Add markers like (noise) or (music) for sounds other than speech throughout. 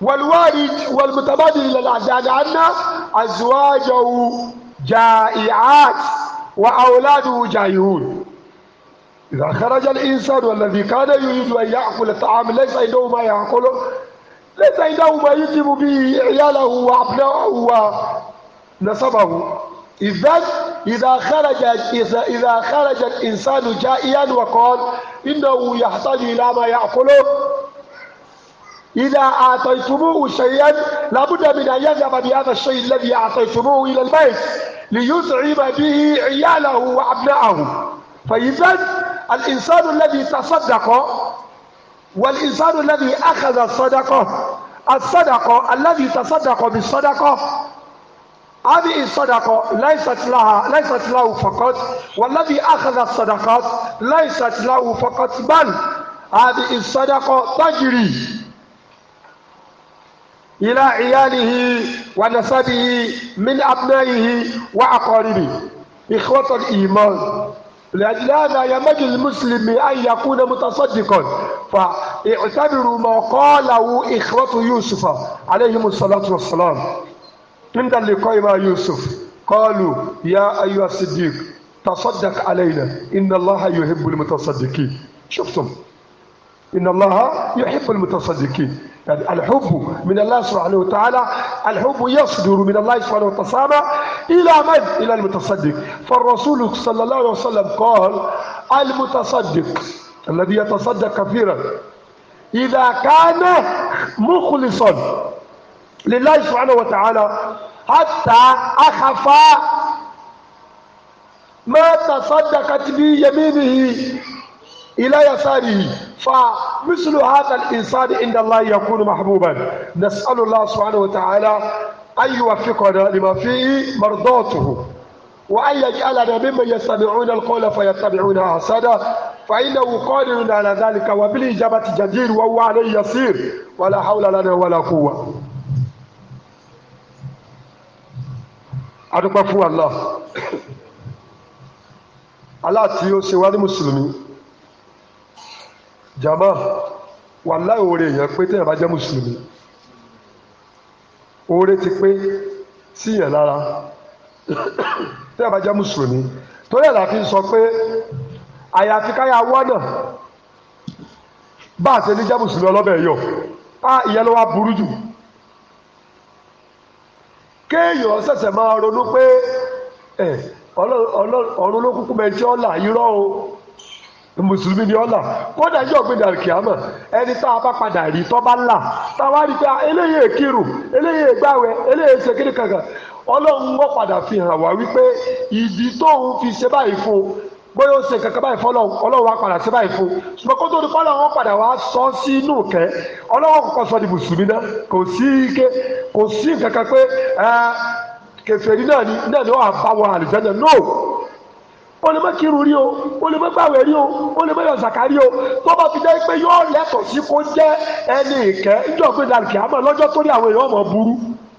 والوارد والمتبادل إلى الأعداد عنا أزواجه جائعات وأولاده جائعون إذا خرج الإنسان والذي كان يريد أن يأكل الطعام ليس عنده ما يأكله ليس عنده ما يتم به عياله وأبنائه ونسبه إذا إذا خرج إذا, إذا خرج الإنسان جائعا وقال إنه يحتاج إلى ما يأكله إذا أعطيتموه شيئا لابد من أن يذهب بهذا الشيء الذي أعطيتموه إلى البيت ليزعم به عياله وأبنائه فإذا الإنسان الذي تصدق والإنسان الذي أخذ الصدقة الصدقة الذي تصدق بالصدقة هذه الصدقة ليست لها ليست له فقط والذي أخذ الصدقات ليست له فقط بل هذه الصدقة تجري إلى عياله ونسبه من أبنائه وأقاربه إخوة الإيمان لأجل هذا ينبغي المسلم أن يكون متصدقا فاعتبروا ما قاله إخوة يوسف عليهم الصلاة والسلام عند اللقاء مع يوسف قالوا يا أيها الصديق تصدق علينا إن الله يحب المتصدقين شفتم إن الله يحب المتصدقين الحب من الله سبحانه وتعالى الحب يصدر من الله سبحانه وتعالى إلى من؟ إلى المتصدق فالرسول صلى الله عليه وسلم قال المتصدق الذي يتصدق كثيرا إذا كان مخلصا لله سبحانه وتعالى حتى أخفى ما تصدقت بيمينه ila yasarihi fa mislu hadha al-insani inda Allah yakunu mahbuban nas'alu Allah subhanahu wa ta'ala an yuwaffiqana lima fihi mardatuhu wa an yaj'alana mimman yastami'una al-qawla fayattabi'una ahsana فإنه قادر على ذلك وبالإجابة جدير وهو عليه يسير ولا حول لنا ولا قوة adúpẹ́ fún Allah Allah tí ó ṣe wá ní mùsùlùmí jama wàláì oore èèyàn pé téèyàn bá jẹ́ mùsùlùmí ti pé síyàn lára téèyàn bá jẹ́ mùsùlùmí torí ẹ̀ pé àyàfi káyà wọ́nà bá a ṣe ní jẹ́ mùsùlùmí ọlọ́bẹ̀ yọ á ìyẹn ló wá burú jù kéèyàn ṣẹ̀ṣẹ̀ máa ronú pé ọ̀run ló kúkú irọ́ o. mùsùlùmí ni ọ̀là kódà yóò gbé dàrúkì àmọ́ ẹni tá a bá padà rí tó bá là a wá rí pé ah, eléyìí kírù eléyìí gbàwẹ̀ eléyìí ṣe kiri kankan ọlọ́run wọ́n padà fi hàn wá wípé ìdí tóun fi ṣe báyìí fún un bóyá ó ṣe kankan báyìí fọlọ́run ọlọ́run wá padà ṣe báyìí fún un ṣùgbọ́n kó tó di fọlọ́run wọ́n padà wá sọ sí inú kẹ́ ọlọ́run kọ́kọ́ sọ di mùsùlùmí náà kò sí ike kò sí nǹkan kan pé ah, kèfèrí náà ni náà ni wọ́n o o o rí o o lè o tó bá fi jẹ́ pé yóò lẹ́tọ̀ọ́ sí kó jẹ́ ẹni ìkẹ́ níjọ́ pé dàrúkì àmọ́ lọ́jọ́ tó ní àwọn èèyàn ọmọ burú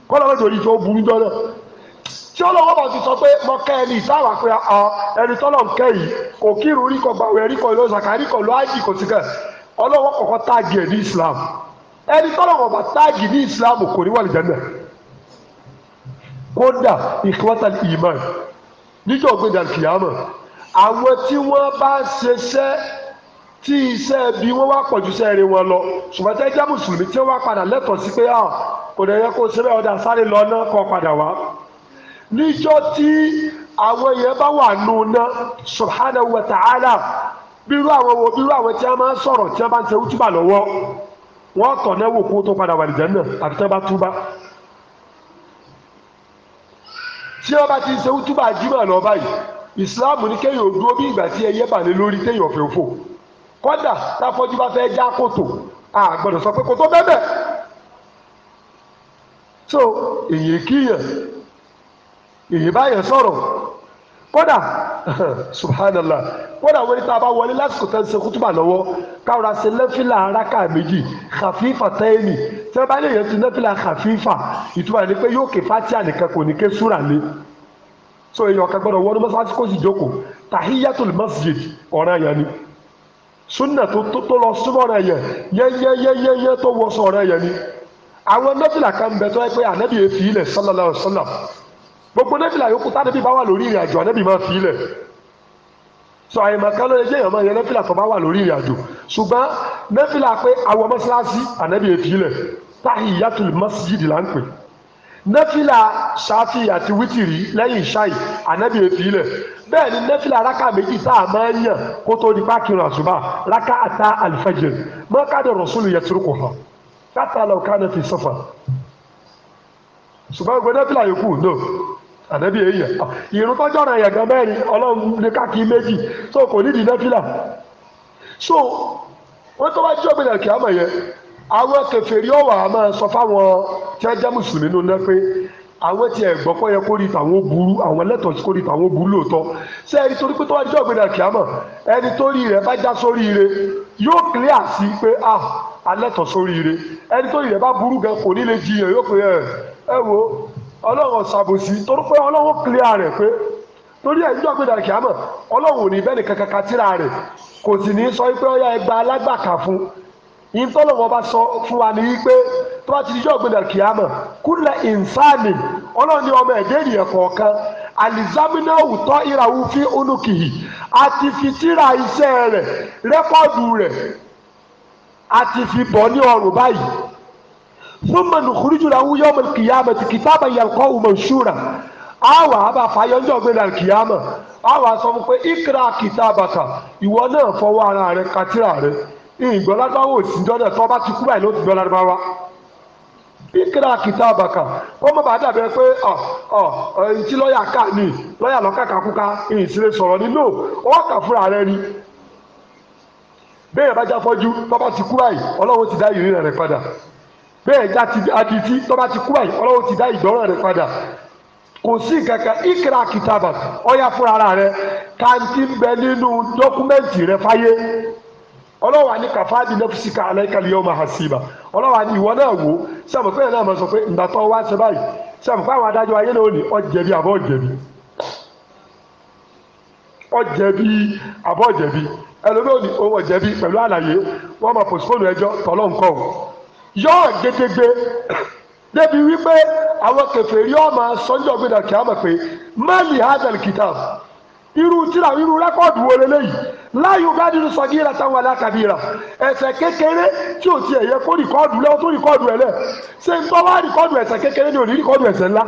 kọ́ lọ́wọ́ torí tó burú jọ náà tí ọlọ́wọ́ bá ti sọ pé mo kẹ́ ẹni ìtawà pé ọ ẹni tọ́lọ̀ ń kẹ́ yìí kò kírun rí kọ gbàwẹ̀ rí lọ kò ọlọ́wọ́ kọ̀kọ́ táàgì ẹ̀ ní níjọ́ gbẹ̀dà kìyàmọ̀ àwọn tí wọ́n bá ṣiṣẹ́ tí iṣẹ́ bí wọ́n wá pọ̀jù iṣẹ́ rẹ̀ wọn lọ ṣùgbọ́n tẹ́ jẹ́ mùsùlùmí tí wọ́n wá padà lẹ́tọ̀ọ́ sí pé à ah, kò dẹ̀ yẹ kó ṣe bẹ́ẹ̀ ọ̀dà sáré lọ náà kọ́ padà wá. níjọ́ tí àwọn yẹn bá wà nù ná subhanahu wa ta'ala bírú àwọn wo bírú àwọn tí wọ́n máa ń sọ̀rọ̀ tí wọ́n bá ń ṣe wútúbà lọ́wọ́ wọ́n tọ̀ náà wò kó tó padà wà lìjẹ́ náà àbí tí wọ́n bá túbá tí wọ́n bá ti ṣe wútúbà jimá lọ báyìí ìsìláàmù ní kéèyàn ò dúró bí ìgbà tí ẹyẹ bà lé lórí téèyàn fẹ́ fò kọ́dà táfọ́jú bá fẹ́ já kòtò a gbọ́dọ̀ sọ pé kòtò bẹ́ẹ̀ so èyí kíyàn èyí báyàn sọ̀rọ̀ kọ́dà (laughs) subhanallah kódà wọlé tá a bá wọlé lásìkò tẹ́ ń ṣe kútùbà lọ́wọ́ káwọ́ra ṣe lẹ́fìlà aráka méjì kàfífà tẹ́yìnì tí wọ́n bá lè yẹn ti lẹ́fìlà kàfífà ìtumọ̀ ni pé yóò ké fatia nìkan kò ní ké súrà lé so èèyàn kan gbọ́dọ̀ wọ́n mọ́sálásí kó sì jókòó tahiyatul masjid ọ̀ràn yẹn ni sunna tó tó lọ súnmọ́ ọ̀ràn yẹn yẹ́yẹ́yẹ́yẹ́ tó wọ́ sọ ọ̀ràn yẹn ni àwọn nọ́fìlà kan bẹ tó yẹ pé ànábìyẹ fi ilẹ̀ sallallahu alaihi wasallam gbogbo nẹ́fìlà yòókù tánẹ́bí bá wà lórí ìrìn àjò ànẹ́bí máa fi ilẹ̀ sọ àyèmọ̀ kan ló lè jẹ́ ìyàmọ̀ yẹn nẹ́fìlà tó bá wà lórí ìrìn àjò ṣùgbọ́n nẹ́fìlà pé àwọ̀ mọ́sálásí ànẹ́bí èfi ilẹ̀ tahiyatul masjid là ń pè nẹ́fìlà ṣáfì àti wítìrì lẹ́yìn ṣáì ànẹ́bí èfi ilẹ̀ bẹ́ẹ̀ ni nẹ́fìlà rákà méjì tá a máa ń yàn kó tó di pákìrún àṣùbà rákà àtà àlìfẹ́jẹ̀ mọ́kàdé rọ̀ṣúlù yẹ turukù hàn kátà lọ́ọ̀ká náà fi sọ́fà ṣùgbọ́n gbọ́dọ̀ nẹ́fìlà yòókù náà ànábì èèyàn ìrún tọ́jọ́ ọ̀rọ̀ èèyàn gan mẹ́rin ọlọ́run lè káàkiri méjì so kò nídìí nẹ́fìlà so wọ́n tó bá jọ́ gbé nàkì àmọ̀ yẹn àwọn kèfèrí ọ̀wà àmọ́ sọ fáwọn tí wọ́n jẹ́ mùsùlùmí nínú náà pé àwọn tí ẹ gbọ́ pé yẹ kó rí tàwọn burú àwọn lẹ́tọ̀ọ́ sí kó rí tàwọn burú lóòótọ́ ṣé ẹni torí pé tó wá jẹ́ ọ̀gbìn náà kìámọ̀ ẹni tó rí rẹ̀ bá já sórí ire yóò clear sí pé ah, a alẹ́tọ̀ọ́ sórí ire ẹni tó rí rẹ̀ bá burú gan kò ní lè jiyàn yóò pé ẹ eh, ẹ wo ọlọ́run ṣàbòsí torí pé ọlọ́run kílíà rẹ̀ pé torí ẹ̀ níjọ́ gbẹ̀dẹ̀ kìámọ̀ ọlọ́run ò ní bẹ́ẹ̀ nìkan kankan tíra rẹ̀ kò sì ní sọ pé ọyá ẹgbà alágbàkà fún yín tọ́lọ́wọ́ bá sọ fún wa ní wípé tó bá ti níjọ́ kúlẹ̀ ọlọ́run ní ọmọ fi àti fi tíra iṣẹ́ rẹ̀ rẹ́kọ́ọ̀dù rẹ̀ àti fi súnmọ́ nùkúrújù làwọn yóò mọ kìyàmọ̀ tí kìtàbà yàlkọ́ ọmọ ṣúra àwa àbá fàyọ́njọ́ gbéra kìyàmọ̀ àwa sọ fún pé ìkra kìtàbà kan ìwọ náà fọwọ́ ara rẹ katira rẹ ìgbọ́ládàwọ̀ òsìndọ́ náà tó bá ti kú báyìí ló ti dọ́lá bá wa ìkra kìtàbà kan kó mọ̀ bá dàbẹ̀ pé ọ̀ ọ̀ ẹ̀yìn tí lọ́ọ̀yà kà ní lọ́ọ̀yà lọ́kàkàkúkà ìsìlẹ̀ sọ̀rọ̀ nínú ọ̀ọ́kà fúnra rẹ ni bẹ́ẹ̀ bá jáfọ́jú tọ́ba ti kú báyìí ọlọ́run ti dá ìrírí rẹ̀ padà bẹ́ẹ̀ ya ti adití tọ́ba ti kú báyìí ọlọ́wọ́ ti dá ìdánwò rẹ padà kò sí kankan ìkìlá kìtàbà ọ̀yà fúnra ara rẹ̀ kàǹtì ń bẹ nínú dọ́kúmẹ́ǹtì rẹ̀ fáyé ọlọ́wọ́ àní kàfáàdì nẹ́fúsì ká aláìkàlẹ̀ yọ̀ọ́ máa sí ibà ọlọ́wọ́ àní ìwọ náà wò sẹ́mu pé náà máa sọ pé wá ṣe báyìí àwọn adájọ́ ayé ọ̀jẹ̀bi àbọ̀ ọ̀jẹ̀bi ọ̀jẹ̀bi àbọ̀ ọ̀jẹ̀bi ẹlòmíràn òun ọ̀jẹ̀bi pẹ̀lú àlàyé yóò gédégbé débi wípé àwọn kèfèrí ọmọ sọ́njọ́ gbẹdà kí á mọ̀ pé mẹ́lì hadal kitab irú tíra irú rẹ́kọ̀dù wo leléyìí láyò bá nínú sọ̀gíra táwọn alákàbíra ẹ̀ṣẹ̀ kékeré tí o ti ẹ̀yẹ kó rìkọ́dù lẹ́wọ́ tó rìkọ́dù ẹ̀ lẹ̀ ṣé ń tọ́ wá rìkọ́dù ẹ̀ṣẹ̀ kékeré ni ò ní rìkọ́dù ẹ̀ṣẹ̀ ńlá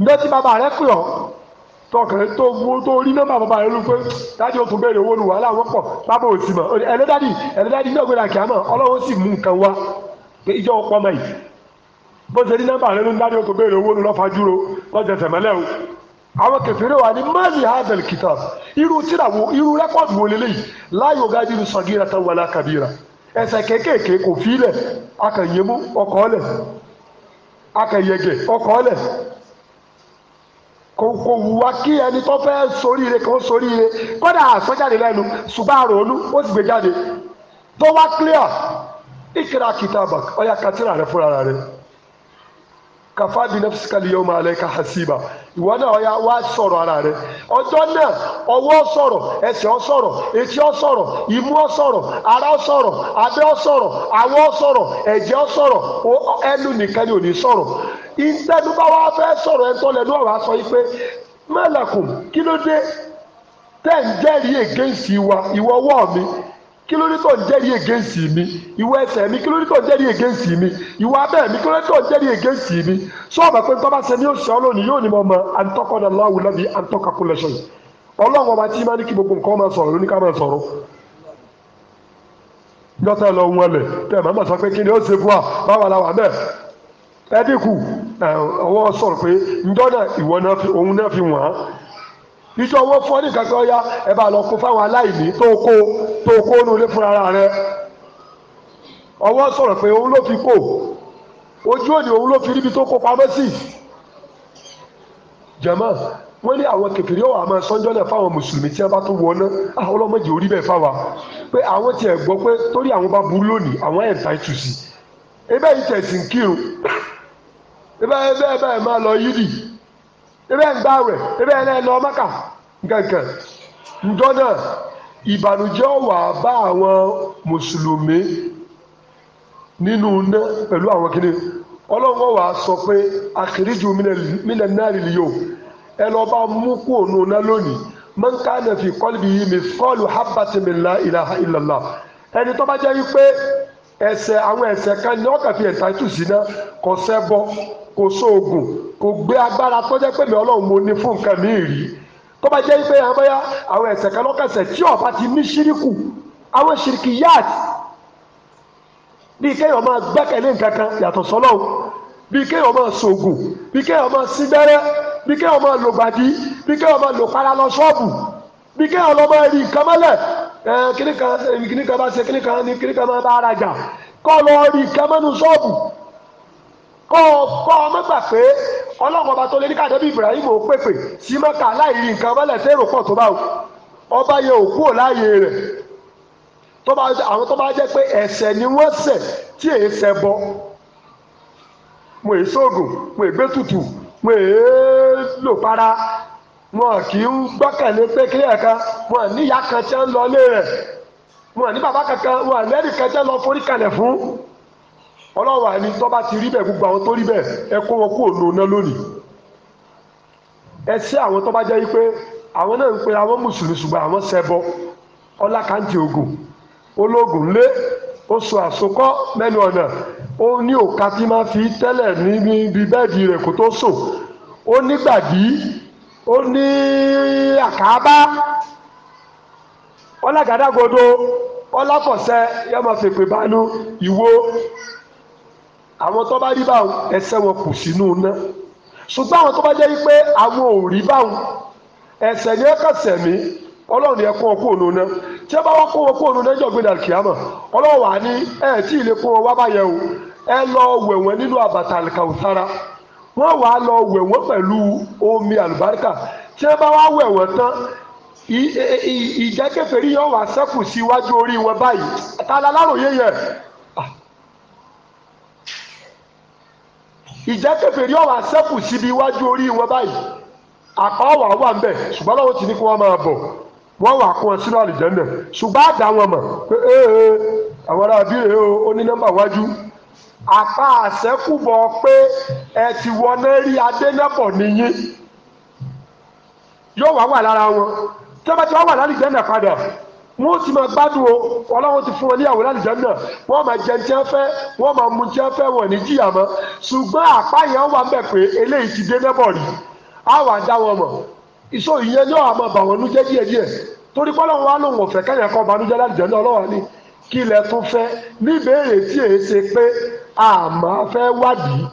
ǹjẹ́ tí bàbá rẹ pè ọ́ tọkàn tó mú tó rí nọ́mbà bàbá rẹ lópe dájú ó tún owó nu wàhálà wọn bàbá ò sì mú nǹkan wá ìjọ ọmọ yìí bó ṣe rí rẹ dájú owó nu o àwọn kẹfìrí wa ni mali hadal kitab irú tíra wo irú rẹ́kọ̀dù wo lélẹ́yìí láyò gádìrú sọ̀gíra tán wàlá kàbíra ẹsẹ̀ kéékèèké ọkọ̀ kò kò wù wá kí ẹni tó fẹ́ soríire kan soríire kódà àsọjáde lẹ́nu ṣùgbọ́n àrònú ó sì gbé jáde tó wá clear ìkìlá kìtàbà ọ̀yà kàtìrà rẹ fúnra rẹ kàfá bí nafsikali yóò máa lẹ́ka hasiba ìwọ náà ya wá sọ̀rọ̀ ara rẹ ọjọ́ náà ọwọ́ sọ̀rọ̀ ẹsẹ̀ ọ sọ̀rọ̀ etí ọ sọ̀rọ̀ imú ọ sọ̀rọ̀ ara ọ sọ̀rọ̀ abẹ́ ọ sọ̀rọ̀ awọ ọ sọ̀rọ̀ ẹ̀jẹ̀ ọ sọ̀rọ̀ ẹnu nìkan ni ò ní sọ̀rọ̀ ìtẹnubáwá fẹ́ sọ̀rọ̀ ẹ̀tọ́ lẹ́nu ọ̀rọ̀ aṣọ yìí pé mẹ́lẹ̀kùn kí ló dé tẹ́ ń jẹ́rìí against ìwà ìwọ ọwọ́ mi kí ló ní against mi ìwọ ẹsẹ̀ mi kí ló ní tó ń jẹ́rìí against mi ìwọ abẹ́ mi kí ló ní tó ń jẹ́rìí against mi sọ́ọ̀bà pé tọ́ba ṣe ní oṣù ọlọ́ọ̀ni yóò ní mọ̀ mọ́ àǹtọ́kọ̀dà láwù lẹ́bi àǹtọ́kàkúlẹ̀ṣọ̀ yìí ọlọ́run ọba tí máa ní kí gbogbo nǹkan máa sọ̀rọ̀ ló ní ká máa sọ̀rọ̀ yọtẹ lọ wọn lẹ tẹ màmá sọ pé kí ni ó ṣe fún wa báwa la wà bẹ́ẹ̀ ẹdínkù ọwọ́ sọ̀rọ̀ pé njọ́ náà ìwọ fi òun náà fi wọ́n iṣẹ́ owó fún ọ ní kankan ọ̀ya ẹ bá lọ kó fáwọn aláìní tó kó tó kó nù lé fúnra rẹ ọwọ́ sọ̀rọ̀ pé òun ló fi kó ojú òní òun ló fi ríbi tó kó pamọ́ sí jẹ̀mọ́ wọ́n ní àwọn kẹfìrí ọ̀hún àmọ́ sọ́njọ́lẹ̀ fáwọn mùsùlùmí tí wọ́n bá tún wọná àwọn ah, ọlọ́mọdé orí bẹ́ẹ̀ fáwa pé àwọn tiẹ̀ gbọ́ pé torí àwọn bá burú lónìí àwọn ẹ̀ ta ìtù sí ebẹ́ yìí tẹ̀sí ń kírun ẹ bẹ́ẹ̀ bẹ́ẹ̀ máa lọ yídì ebe ń gbàwẹ̀ ebe ẹ̀ lọ mọ́kà kankan njọ́ náà ìbànújẹ́ wà bá àwọn mùsùlùmí nínú iná pẹ̀lú àwọn kìnnì ọlọ́wọ́ wa sọ pé àkìríjù mílẹ̀ náà rí yóò ẹ lọ bá mú kú òun náà lónìí mọ́ńká náà fi kọ́lù bíi mi fọ́ọ̀lù hábàtìmílá ìlàlá ẹni tó bá jẹ́ wípé ẹ̀ṣẹ̀ àwọn ẹ̀ṣẹ̀ kan ni ọkàn fi ẹsẹ tù sí náà kò ṣẹbọ kò sóògùn kò gbé agbára tó jẹ́ pé mi Ọlọ́run mo ní fún nǹkan mi rí tó bá jẹ́ pé abẹ́yà àwọn ẹ̀ṣẹ̀ kan lọ́kànṣẹ̀ tí ọba ti ní ṣíríkù àwọn ṣíríkì yáàtì bí kéèyàn máa gbẹ́kẹ̀lé nǹkan kan yàtọ̀ sọ́lọ́hùn bí kéèyàn máa sògùn bí kéèyàn máa sígbẹ́rẹ́ bí kéèyàn máa lògbàdì bí kéèyàn máa lòpara lọ ṣọ́ọ̀bù bí kéèyàn lọ máa rí nǹkan mọ́lẹ̀ Eh, kíní kan èmi eh, kíní kan bá se kíní kan ní kíní kan máa bá ara jà kọ́ lọ rí kẹ́mẹ́nu ṣọ́ọ̀bù kọ́ ọmọ gbà pé ọba tó lé ní kàdébí Ibrahim ò pèpè sí mẹ́ka láì rí nǹkan pọ̀ tó ọba láàyè àwọn tó bá jẹ́ pé ni wọ́n bọ mo èé sóògùn mo èé gbé tutù para wọn kì í gbọ́kànlé pé kílẹ̀ kan wọn níyà kan tí ń lọlé rẹ̀ wọn ní bàbá kankan wọn lẹ́rì kan tí ń lọ forí kalẹ̀ fún ọlọ́wà ni tó ti rí bẹ́ẹ̀ gbogbo àwọn tó rí bẹ́ẹ̀ ẹ kó wọn kú òun náà lónìí ẹ sí àwọn àwọn náà ń pe àwọn mùsùlùmí ṣùgbọ́n àwọn ọlá kàǹtì fi tẹ́lẹ̀ bẹ́ẹ̀dì rẹ̀ kó tó sùn ó ó ní àkàbá ọlágàdàgodo ọlákọ̀sẹ́ yóò máa fèpè bánú ìwo àwọn tó bá rí báwọn ẹsẹ̀ wọn kù sínú iná ṣùgbọ́n àwọn tó bá jẹ́ wípé àwọn ò rí báwọn ẹsẹ̀ ni ẹ kàṣẹ̀ mí ọlọ́run ni ẹ kó wọn kó tí ẹ bá wọn kó wọ́n wà á lọ wẹ̀ wọ́n pẹ̀lú omi àlùbáríkà tí wọ́n bá wá wẹ̀ wọ́n tán e, e, ìjẹ́kẹ̀fẹ̀rí yóò wá sẹ́kù síwájú orí wọn báyìí tala láròyé yẹ ah. ìjẹ́kẹ̀fẹ̀rí yóò wá sẹ́kù síbi iwájú orí wọn báyìí àkọ́wà wà ń bẹ̀ ṣùgbọ́n lọ́wọ́ ti ní kí wọ́n máa bọ̀ wọ́n wà kún ọ sínú àlùjẹ́ náà ṣùgbọ́n àdá wọn mọ̀ pé ee àwọn ará abíyẹ̀ o ní nọ́mbà wájú àpá àṣẹ́kùbọ̀ pé ẹ ti wọná rí adénàbọ̀ nìyí yóò wá wà lára wọn tí wọ́n bá ti wá wà lálẹ́ ìjẹ́nà padà wọ́n ti máa gbádùn o ọlọ́run ti fún wọn ní àwọn lálẹ́ ìjẹ́nà wọ́n máa jẹ tí wọ́n fẹ́ wọ́n máa mu tí wọ́n fẹ́ wọ́n ní jìyà mọ́ ṣùgbọ́n àpá yẹn wà ń bẹ̀ pé eléyìí ti dénàbọ̀ rí á wà dá wọn mọ̀ ìṣó ìyẹn ní ọ̀hún àmọ́ bà wọn nújẹ́ díẹ̀díẹ̀ torí pọ́lọ́run wa lòun ọ̀fẹ́ kẹ́yìn kan banújẹ́ lálẹ́ ìjẹ́nà ọlọ́run ni kí ilẹ̀ tún fẹ́ níbèrè tí èé ṣe pé àmọ́ fẹ́ wádìí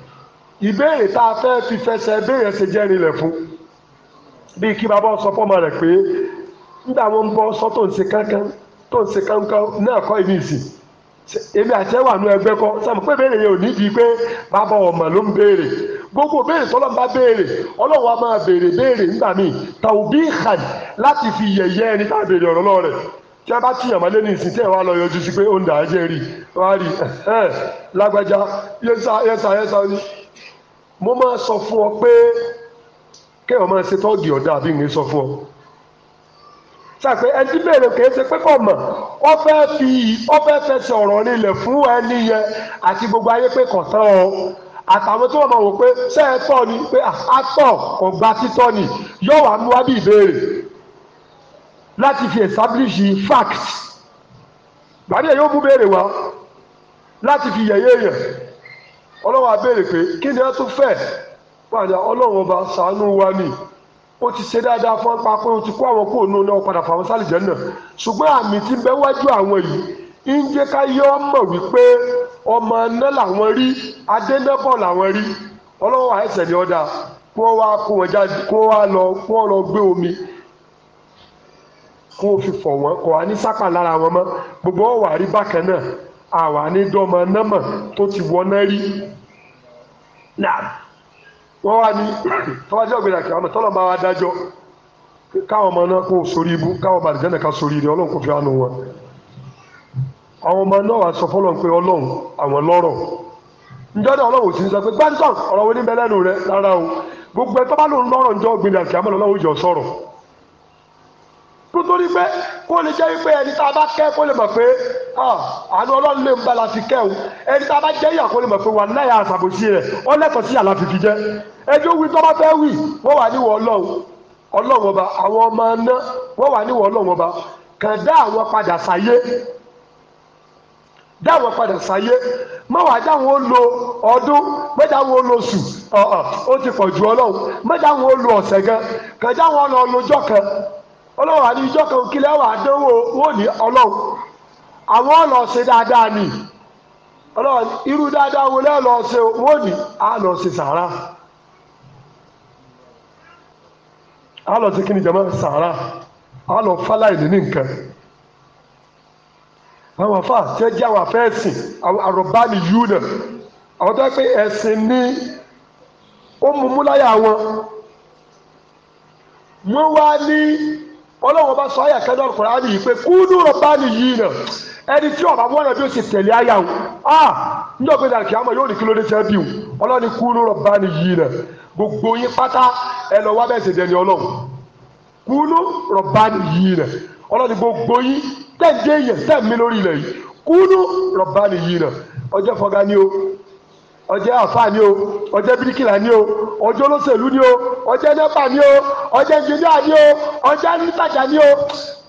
ìbéèrè tá a fẹ́ fi fẹsẹ̀ ìbéèrè ṣe jẹ́rìí lẹ̀ fún bíi kí bàbá sọ fọ́mọ rẹ̀ pé nígbà wọn bọ́ sọ tó ń ṣe kankan tó ń ṣe kankan náà kọ́ ìní ìsìn èmi àti ẹwà nu ẹgbẹ́ kọ́ sàmù pé béèrè yẹn ò ní di pé bàbá ọmọ ló ń béèrè gbogbo béèrè tọ́lọ́n bá béèrè ọlọ́run á máa béèrè béèrè nígbà míì tàbí ìhàn láti fi yẹ̀yẹ́ ẹni tá a béèrè ọ̀rọ̀ lọ́rẹ̀ tí a bá tìyàn mọ́lé ní ìsìn tí ẹ̀ wá lọ yọjú sí pé ó ń dà á jẹ́ rí wá rí ẹ̀ lágbájá yẹ́sà yẹ́sà yẹ́sà ni mo máa sọ fún ọ pé kéèyàn máa ṣe tọ́ọ̀gì ọ̀dà àbí mi sọ fún ọ sàpé ẹtí bèrè kìí ṣe pé kò mọ̀ ọ fẹ́ fi ọ fẹ́ fẹsẹ̀ ọ̀rọ̀ nílẹ̀ fún ẹni yẹn àti gbogbo ayé pé kò tán o àtàwọn tó wọ́n máa wò pé ṣé tọ́ ni pé àtọ̀ kò gba títọ́ ni yóò wá mú wá bí ìbéèrè láti fi establish facts gbàdí ẹ̀ yóò mú béèrè wá láti fi yẹ̀yẹ́ yẹ̀ ọlọ́run á pé kí ni wọ́n tún fẹ́ padà ọlọ́run ọba ṣàánú wa ni ó ti ṣe dáadáa fún ọpa pé ó ti kó àwọn kóònù náà padà fún àwọn sálìjẹ́ náà ṣùgbọ́n àmì tí bẹ́ wájú àwọn yìí ń jẹ́ ká yọ mọ̀ wípé ọmọ iná làwọn rí adénẹ́bọ̀ làwọn rí ọlọ́run àìsàn ni ọ̀dà kó wá lọ gbé omi fún òfin fọ̀ wọ́n kọ́ a ní sápà lára wọn mọ́ gbogbo ọ̀wà rí bákan náà àwa ní dọ́mọ námà tó ti wọná rí wọ́n wá ní tọ́wájú (clears throat) ọ̀gbìn àkìlá ọmọ tọ́lọ́ bá wa dájọ́ káwọn ọmọ náà kó sórí ibú káwọn sórí wọn àwọn ọmọ náà wà sọ pé nítorí pé kó lè jẹ́ wípé ẹni tá a bá kẹ́ kó lè mọ̀ pé àánú ọlọ́run lè ń bá la ti kẹ́ o ẹni tá a bá jẹ́ ìyà kó lè mọ̀ pé wà láyà àṣàbòsí rẹ̀ ó lẹ́tọ̀ọ́ sí àlàfi fi jẹ́ ẹni ó wí tó bá fẹ́ wì wọ́n wà níwọ̀ ọlọ́run ọlọ́run ọba àwọn ọmọ náà wọ́n wà níwọ̀ ọlọ́run ọba kàn dá àwọn padà sáyé dáwọ padà sáyé mọwàá dáwọn ó lo ọdún mẹdáwọn ó lo oṣù ọ̀ọ̀ ó ti pọ̀ ju ọlọ́run mẹdáwọn ó lo ọ̀sẹ̀ gan kàn dáwọn ó lọ lọ́jọ́ kan ọlọ́run àti ìjọ kan kílẹ̀ wà dánwò wò ní ọlọ́run àwọn ọ̀nà ọ̀sẹ̀ dáadáa ni ọlọ́run irú dáadáa wo lẹ́ẹ̀ lọ wò ní àlọ́ ṣe sàárà àlọ́ ṣe kí ni jẹ́mọ́ sàárà àlọ́ ní nǹkan àwọn jẹ́ àwọn afẹ́ ẹ̀sìn ni àwọn tó ẹ̀sìn ọlọ́run bá sọ àyà kẹ́lẹ́ ọ̀rọ̀ kọ̀ọ̀rọ̀ yìí pé kúndùn rọ̀bá nìyí nà ẹni tí ọ̀bà wọn náà bí ó ti tẹ̀lé àyà wọn a ní ọ̀gbìn àti àmọ̀ yóò ní kí ló dé sẹ́bí wọn ọlọ́ni kúndùn rọ̀bá nìyí nà gbogbo yín pátá ẹ lọ wá bẹ́ẹ̀ sèdè ni ọlọ́run kúndùn rọ̀bá nìyí nà ọlọ́ni gbogbo yín tẹ̀dé yẹn tẹ̀mí lórí ilẹ̀ yìí kúndùn rọ̀bá nìyí nà ọjọ́ fọgá ni o ọjẹ́ àfáà ni o ọjẹ́ bíríkìlà ni o ọjẹ́ olóṣèlú ni o ọjẹ́ nẹ́pà ni o ọjẹ́ ẹnjìníà ni o ọjẹ́ nítàjà ni o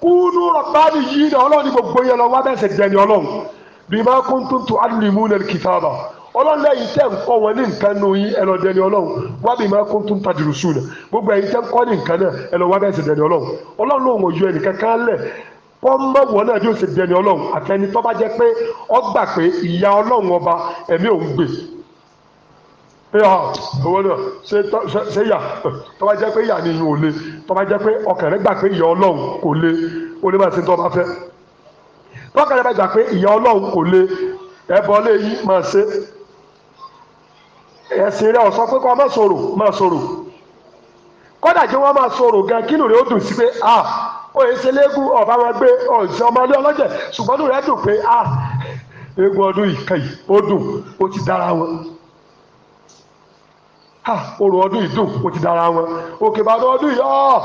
kúnú rọ̀bánì yìí ni ọlọ́run ní gbogbo yẹn lọ wá bẹ́sẹ̀ jẹ ni ọlọ́run bímọ kúntùn tó alùmú ní kìtàbà ọlọ́run lẹ́yìn tẹ́ ń kọ́ wọn ní nǹkan nù yín ẹ lọ ni ọlọ́run wá bímọ kúntùn tàdùrùsù náà gbogbo ẹ̀yin tẹ́ ń kọ́ ní nǹkan náà ẹ náà bí ṣe dẹni ọlọ́run àtẹni bá jẹ́ pé ọgbà pé ìyá ọlọ́run ọba ẹ̀mí òun gbè pé ọ owó náà ṣe yà tó bá jẹ́ pé yà ni ìyún ò le tó bá jẹ́ pé ọkàn rẹ gbà pé ìyà ọlọ́run kò le ó lè má ṣe tó bá fẹ́ tọ́kàn rẹ bá gbà pé ìyà ọlọ́run kò le ẹbọ lè yí máa ṣe ẹ̀sìn rẹ ọ̀sán pé kọ́ máa sọ̀rọ̀ máa sọ̀rọ̀ kódà jẹ́ wọ́n máa sọ̀rọ̀ gan kínú rẹ ó dùn sí pé a ó yẹ ṣe léegun ọ̀bá wọn gbé ọ̀sẹ̀ ọmọdé ọlọ́jẹ̀ ṣùgbọ́n nù rẹ dùn pé a eégún ọdún ìkẹyì ó dùn ó ti dára wọn ha orò ọdún ìdùn ó ti dára wọn òkè bàbá ọdún yìí ọ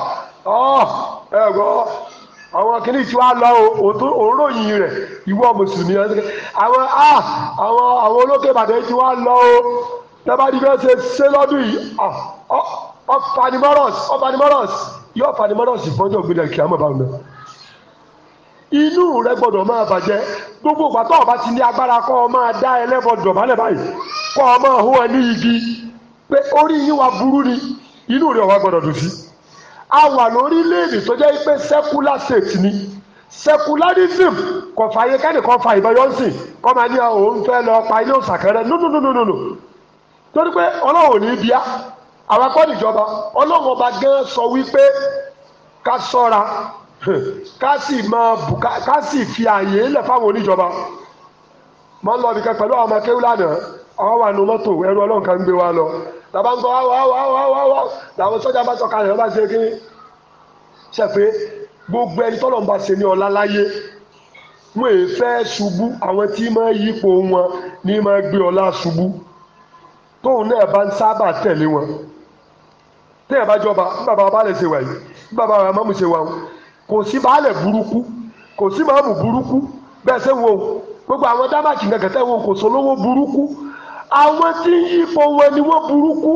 ọ ẹ gbọ́ àwọn kìnnì tí wàá lọ òróyìn rẹ ìwọ mùsùlùmí àwọn a àwọn àwọn olókè bàtẹ tí wàá lọ o tẹ́bàdì bẹ́ẹ̀ ṣe ṣe lọ́dún yìí ọ̀fanimọ́rọ̀s ọ̀fanimọ́rọ̀s yóò fanimọ́rọ̀s ìfọ́jọ́ gbẹdẹ̀ kí á mọ̀ báwọn náà inú rẹ gbọ́dọ̀ máa bàjẹ́ gbogbo ìgbà tó o bá ti ní agbára kọ́ ọ máa dá ẹlẹ́bọ̀ dọ̀bálẹ̀ báyìí kọ́ ọ máa hó ẹ ní igi pé orí yín wa burú ni inú rẹ̀ wá gbọ́dọ̀ dùn sí a wà lórílẹ̀‐èdè tó jẹ́ pé secular state ni secularism kò fààyè kẹ́nìkan fa ìbọn yọ̀nsìn kọ́ máa ní òun fẹ́ lọ pa ilé òsàkẹ́rẹ́ no torí pé ọlọ́run ò ní sọ wípé ká sọ́ra ká sì máa ká sì fi àyè fáwọn oníjọba mọ́ ń lọ pẹ̀lú àwọn ọmọ àwọn wà mọ́tò ẹrú wa lọ tàbá ń kọ́ wáwáwáwáwá làwọn sọ́jà bá sọ̀ka rẹ̀ wọ́n bá ṣe kí ṣe pé gbogbo ẹni tọ́lọ̀ ń bá ṣe ní ọlá láyé wọ́n èé fẹ́ ṣubú àwọn tí máa yípo wọn ní máa gbé ọlá ṣubú tóun náà bá ń sábà tẹ̀lé wọn téèyàn bá jọba bí bàbá wa baálẹ̀ ṣe wà yìí bí bàbá wa mọ́mù ṣe wà o kò sí baálẹ̀ burúkú kò sí mọ́mù burúkú bẹ́ẹ̀ ṣe wo gbogbo àwọn dábàkì kankan tẹ́ wo kò sólówó burúkú àwọn tí ń yípo wọn ni wọ́n burúkú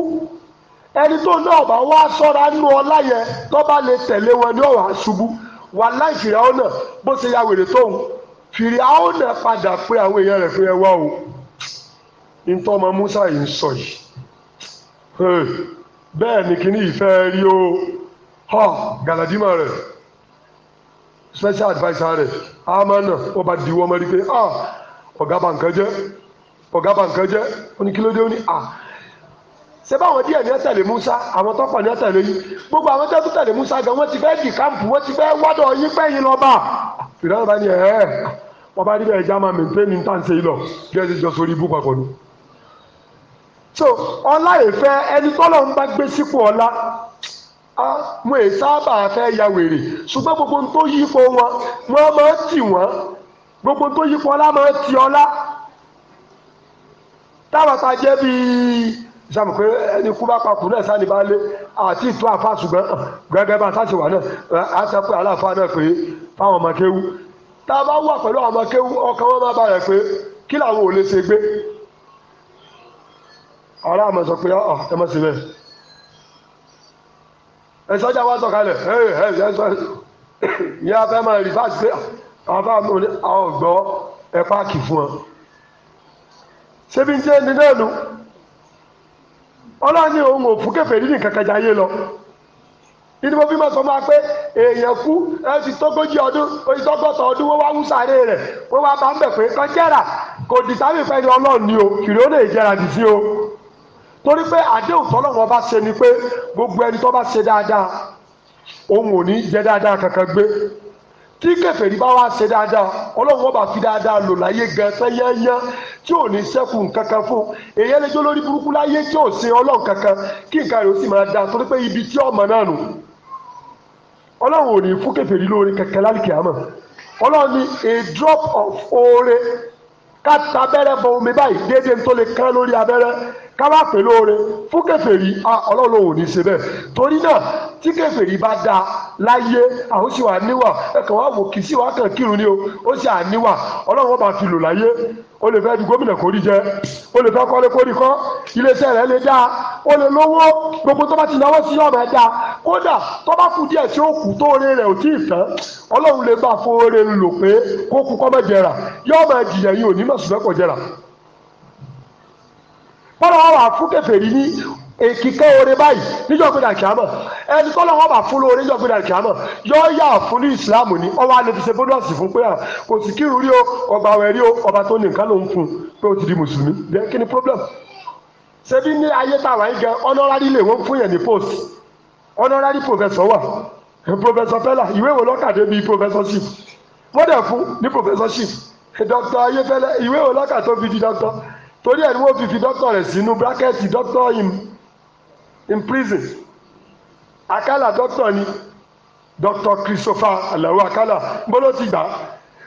ẹni tó náà bá wá sọ́ra nù ọ láyẹ tó bá lè tẹ̀lé wọn ní ọ̀rọ̀ àṣubú wà láì fìrì àwọn náà bó ṣe ya wèrè tóun fìrì àwọn náà padà pé àwọn èèyàn rẹ̀ fún ẹ wá o ntọ́ ọmọ Musa yìí ń sọ yìí bẹ́ẹ̀ ni kíní ìfẹ́ rí o ọ Galadima rẹ̀ special adviser rẹ̀ amana ọba diwọ́ mọ́ rí pé ah, ọ̀gá bá nǹkan jẹ́ ọ̀gá bá nǹkan jẹ́ oníkílódé ó ní à ṣé báwọn díẹ̀ ní ẹ tẹ̀lé Musa àwọn tọ́pọ̀ ní ẹ tẹ̀lé yín gbogbo àwọn tẹ́tù tẹ̀lé Musa gan wọ́n ti fẹ́ dì káàmpù wọ́n ti fẹ́ wádọ̀ yín pẹ́yìn lọ́ba ìdájọ́ bá ní ẹ̀ ẹ́ wọ́n bá níbẹ̀ ẹja máa mẹ́tẹ́ ní tàǹsẹ̀ yìí lọ bí ti jọ sórí ibú papọ̀ ni. so ọlá ìfẹ́ ẹni tọ́lọ̀ ń bá gbé sípò ọlá mo è sábà fẹ́ ya wèrè ṣùgbọ́n gbogbo tó yípo wọn wọ́n máa ń tì wọ́n gbogbo tó yípo ọlá máa ń ọlá táwọn ta jẹ́ bíi sàmù pé ẹni kú bá papò náà sani bá lé àti ìtú àfa ṣùgbọ́n gẹ́gẹ́ bá sáṣẹ wà náà á sọ pé aláfa náà pé fáwọn ọmọ kéwu tá a bá wà pẹ̀lú àwọn ọmọ kéwu ọkàn wọn máa bàrẹ̀ pé kí làwọn ò lè ṣe gbé ọ̀rọ̀ àmọ̀ sọ pé ọ̀ ah, ah, ẹ mọ̀ sí bẹ́ẹ̀ ẹ sọ́jà wá sọ̀kalẹ̀ ẹ ẹ ẹ sọ (coughs) ìyá fẹ́ máa rí fáṣí pé ah, àwọn ọgbọ́ ẹ páàkì fún ọ. ṣébíṣẹ́ ẹni náà nù ọlọ́run ní òun ò fún kẹfẹ́ nínú nǹkan kẹjà lọ ndị mo fi máa sọ máa pé èèyàn ọdụ ẹ ti tógójì ọdún ó ti o kiri o torí pé àdéhùn ni pé gbogbo ẹni tó bá ṣe dáadáa òun ò ní dáadáa kankan tí kèfèrí bá wá ṣe dáadáa ọlọ́run ọba fi dáadáa lò láyé gan sẹ́yẹ́yẹ́ tí ò ní sẹ́kù kankan fún èyí ẹlẹ́jọ́ lórí burúkú láyé tí ò ṣe ọlọ́run kankan kí nǹkan rẹ̀ ó sì máa da torí pé ibi tí ọmọ náà nù ọlọ́run ò ní fún kèfèrí lórí kankan lálùkì àmọ́ ọlọ́run ní a drop of oore ká ta abẹ́rẹ́ bọ omi báyìí déédéé tó lè kán lórí abẹ́rẹ́ káwá pè lóore fún kèfèrí ah, ọlọ́run òun ní í ṣe bẹ́ẹ̀ torí náà tí kèfèrí bá da láyé àwọn sì wà níwà ẹ̀kọ́ wa wò kì í sì wá kàn kírun ni o ó sì àníwà ọlọ́run ọba ti lò láyé o lè fẹ́ di gómìnà kórì jẹ o lè fẹ́ kọ́lé kórì kọ́ iléeṣẹ́ rẹ lè dáa o lè lówó gbogbo tó bá ti náwó sí ọmọ ẹ dáa kódà tó bá kú díẹ̀ tí ó tó oore rẹ̀ ò tí ì tán ọlọ́run lè gbà fún oore lò pé kó kú kọ́ mọ̀ jẹrà yọ bọ́lá wọn wà fún kèfèrí ní èkìkẹ́ oore báyìí níjọ́ gbé dàkí àmọ́ ẹni tọ́lọ́ wọn bá fún lóore níjọ́ gbé dàkí àmọ́ yọ yà fún ní ìsìláàmù ni ọwọ́ alẹ́ fi ṣe bónọ́ọ̀sì fún pé kò sì kírun rí o ọgbà wẹ̀ rí o ọba tó ní nǹkan ló ń fún pé ó ti di mùsùlùmí bẹ́ẹ̀ kí ni problem ṣebí ní ayé a yìí gan honorary lè wọ́n fún yẹn ní post honorary professor wà professor fẹ́lá ìwé wo lọ́kàdé bíi professorship wọ́n dẹ̀ fún ní professorship dr ayéfẹ́lẹ́ ìwé wo lọ́kà tó fi di doctor torí ẹ̀ ni wọ́n fi fi dọ́tọ̀ rẹ̀ sínú bírákẹ́tì dọ́tọ̀ in in prison akala dọ́tọ̀ ni dr christopher alawo akala gbọ́dọ̀ ti gbà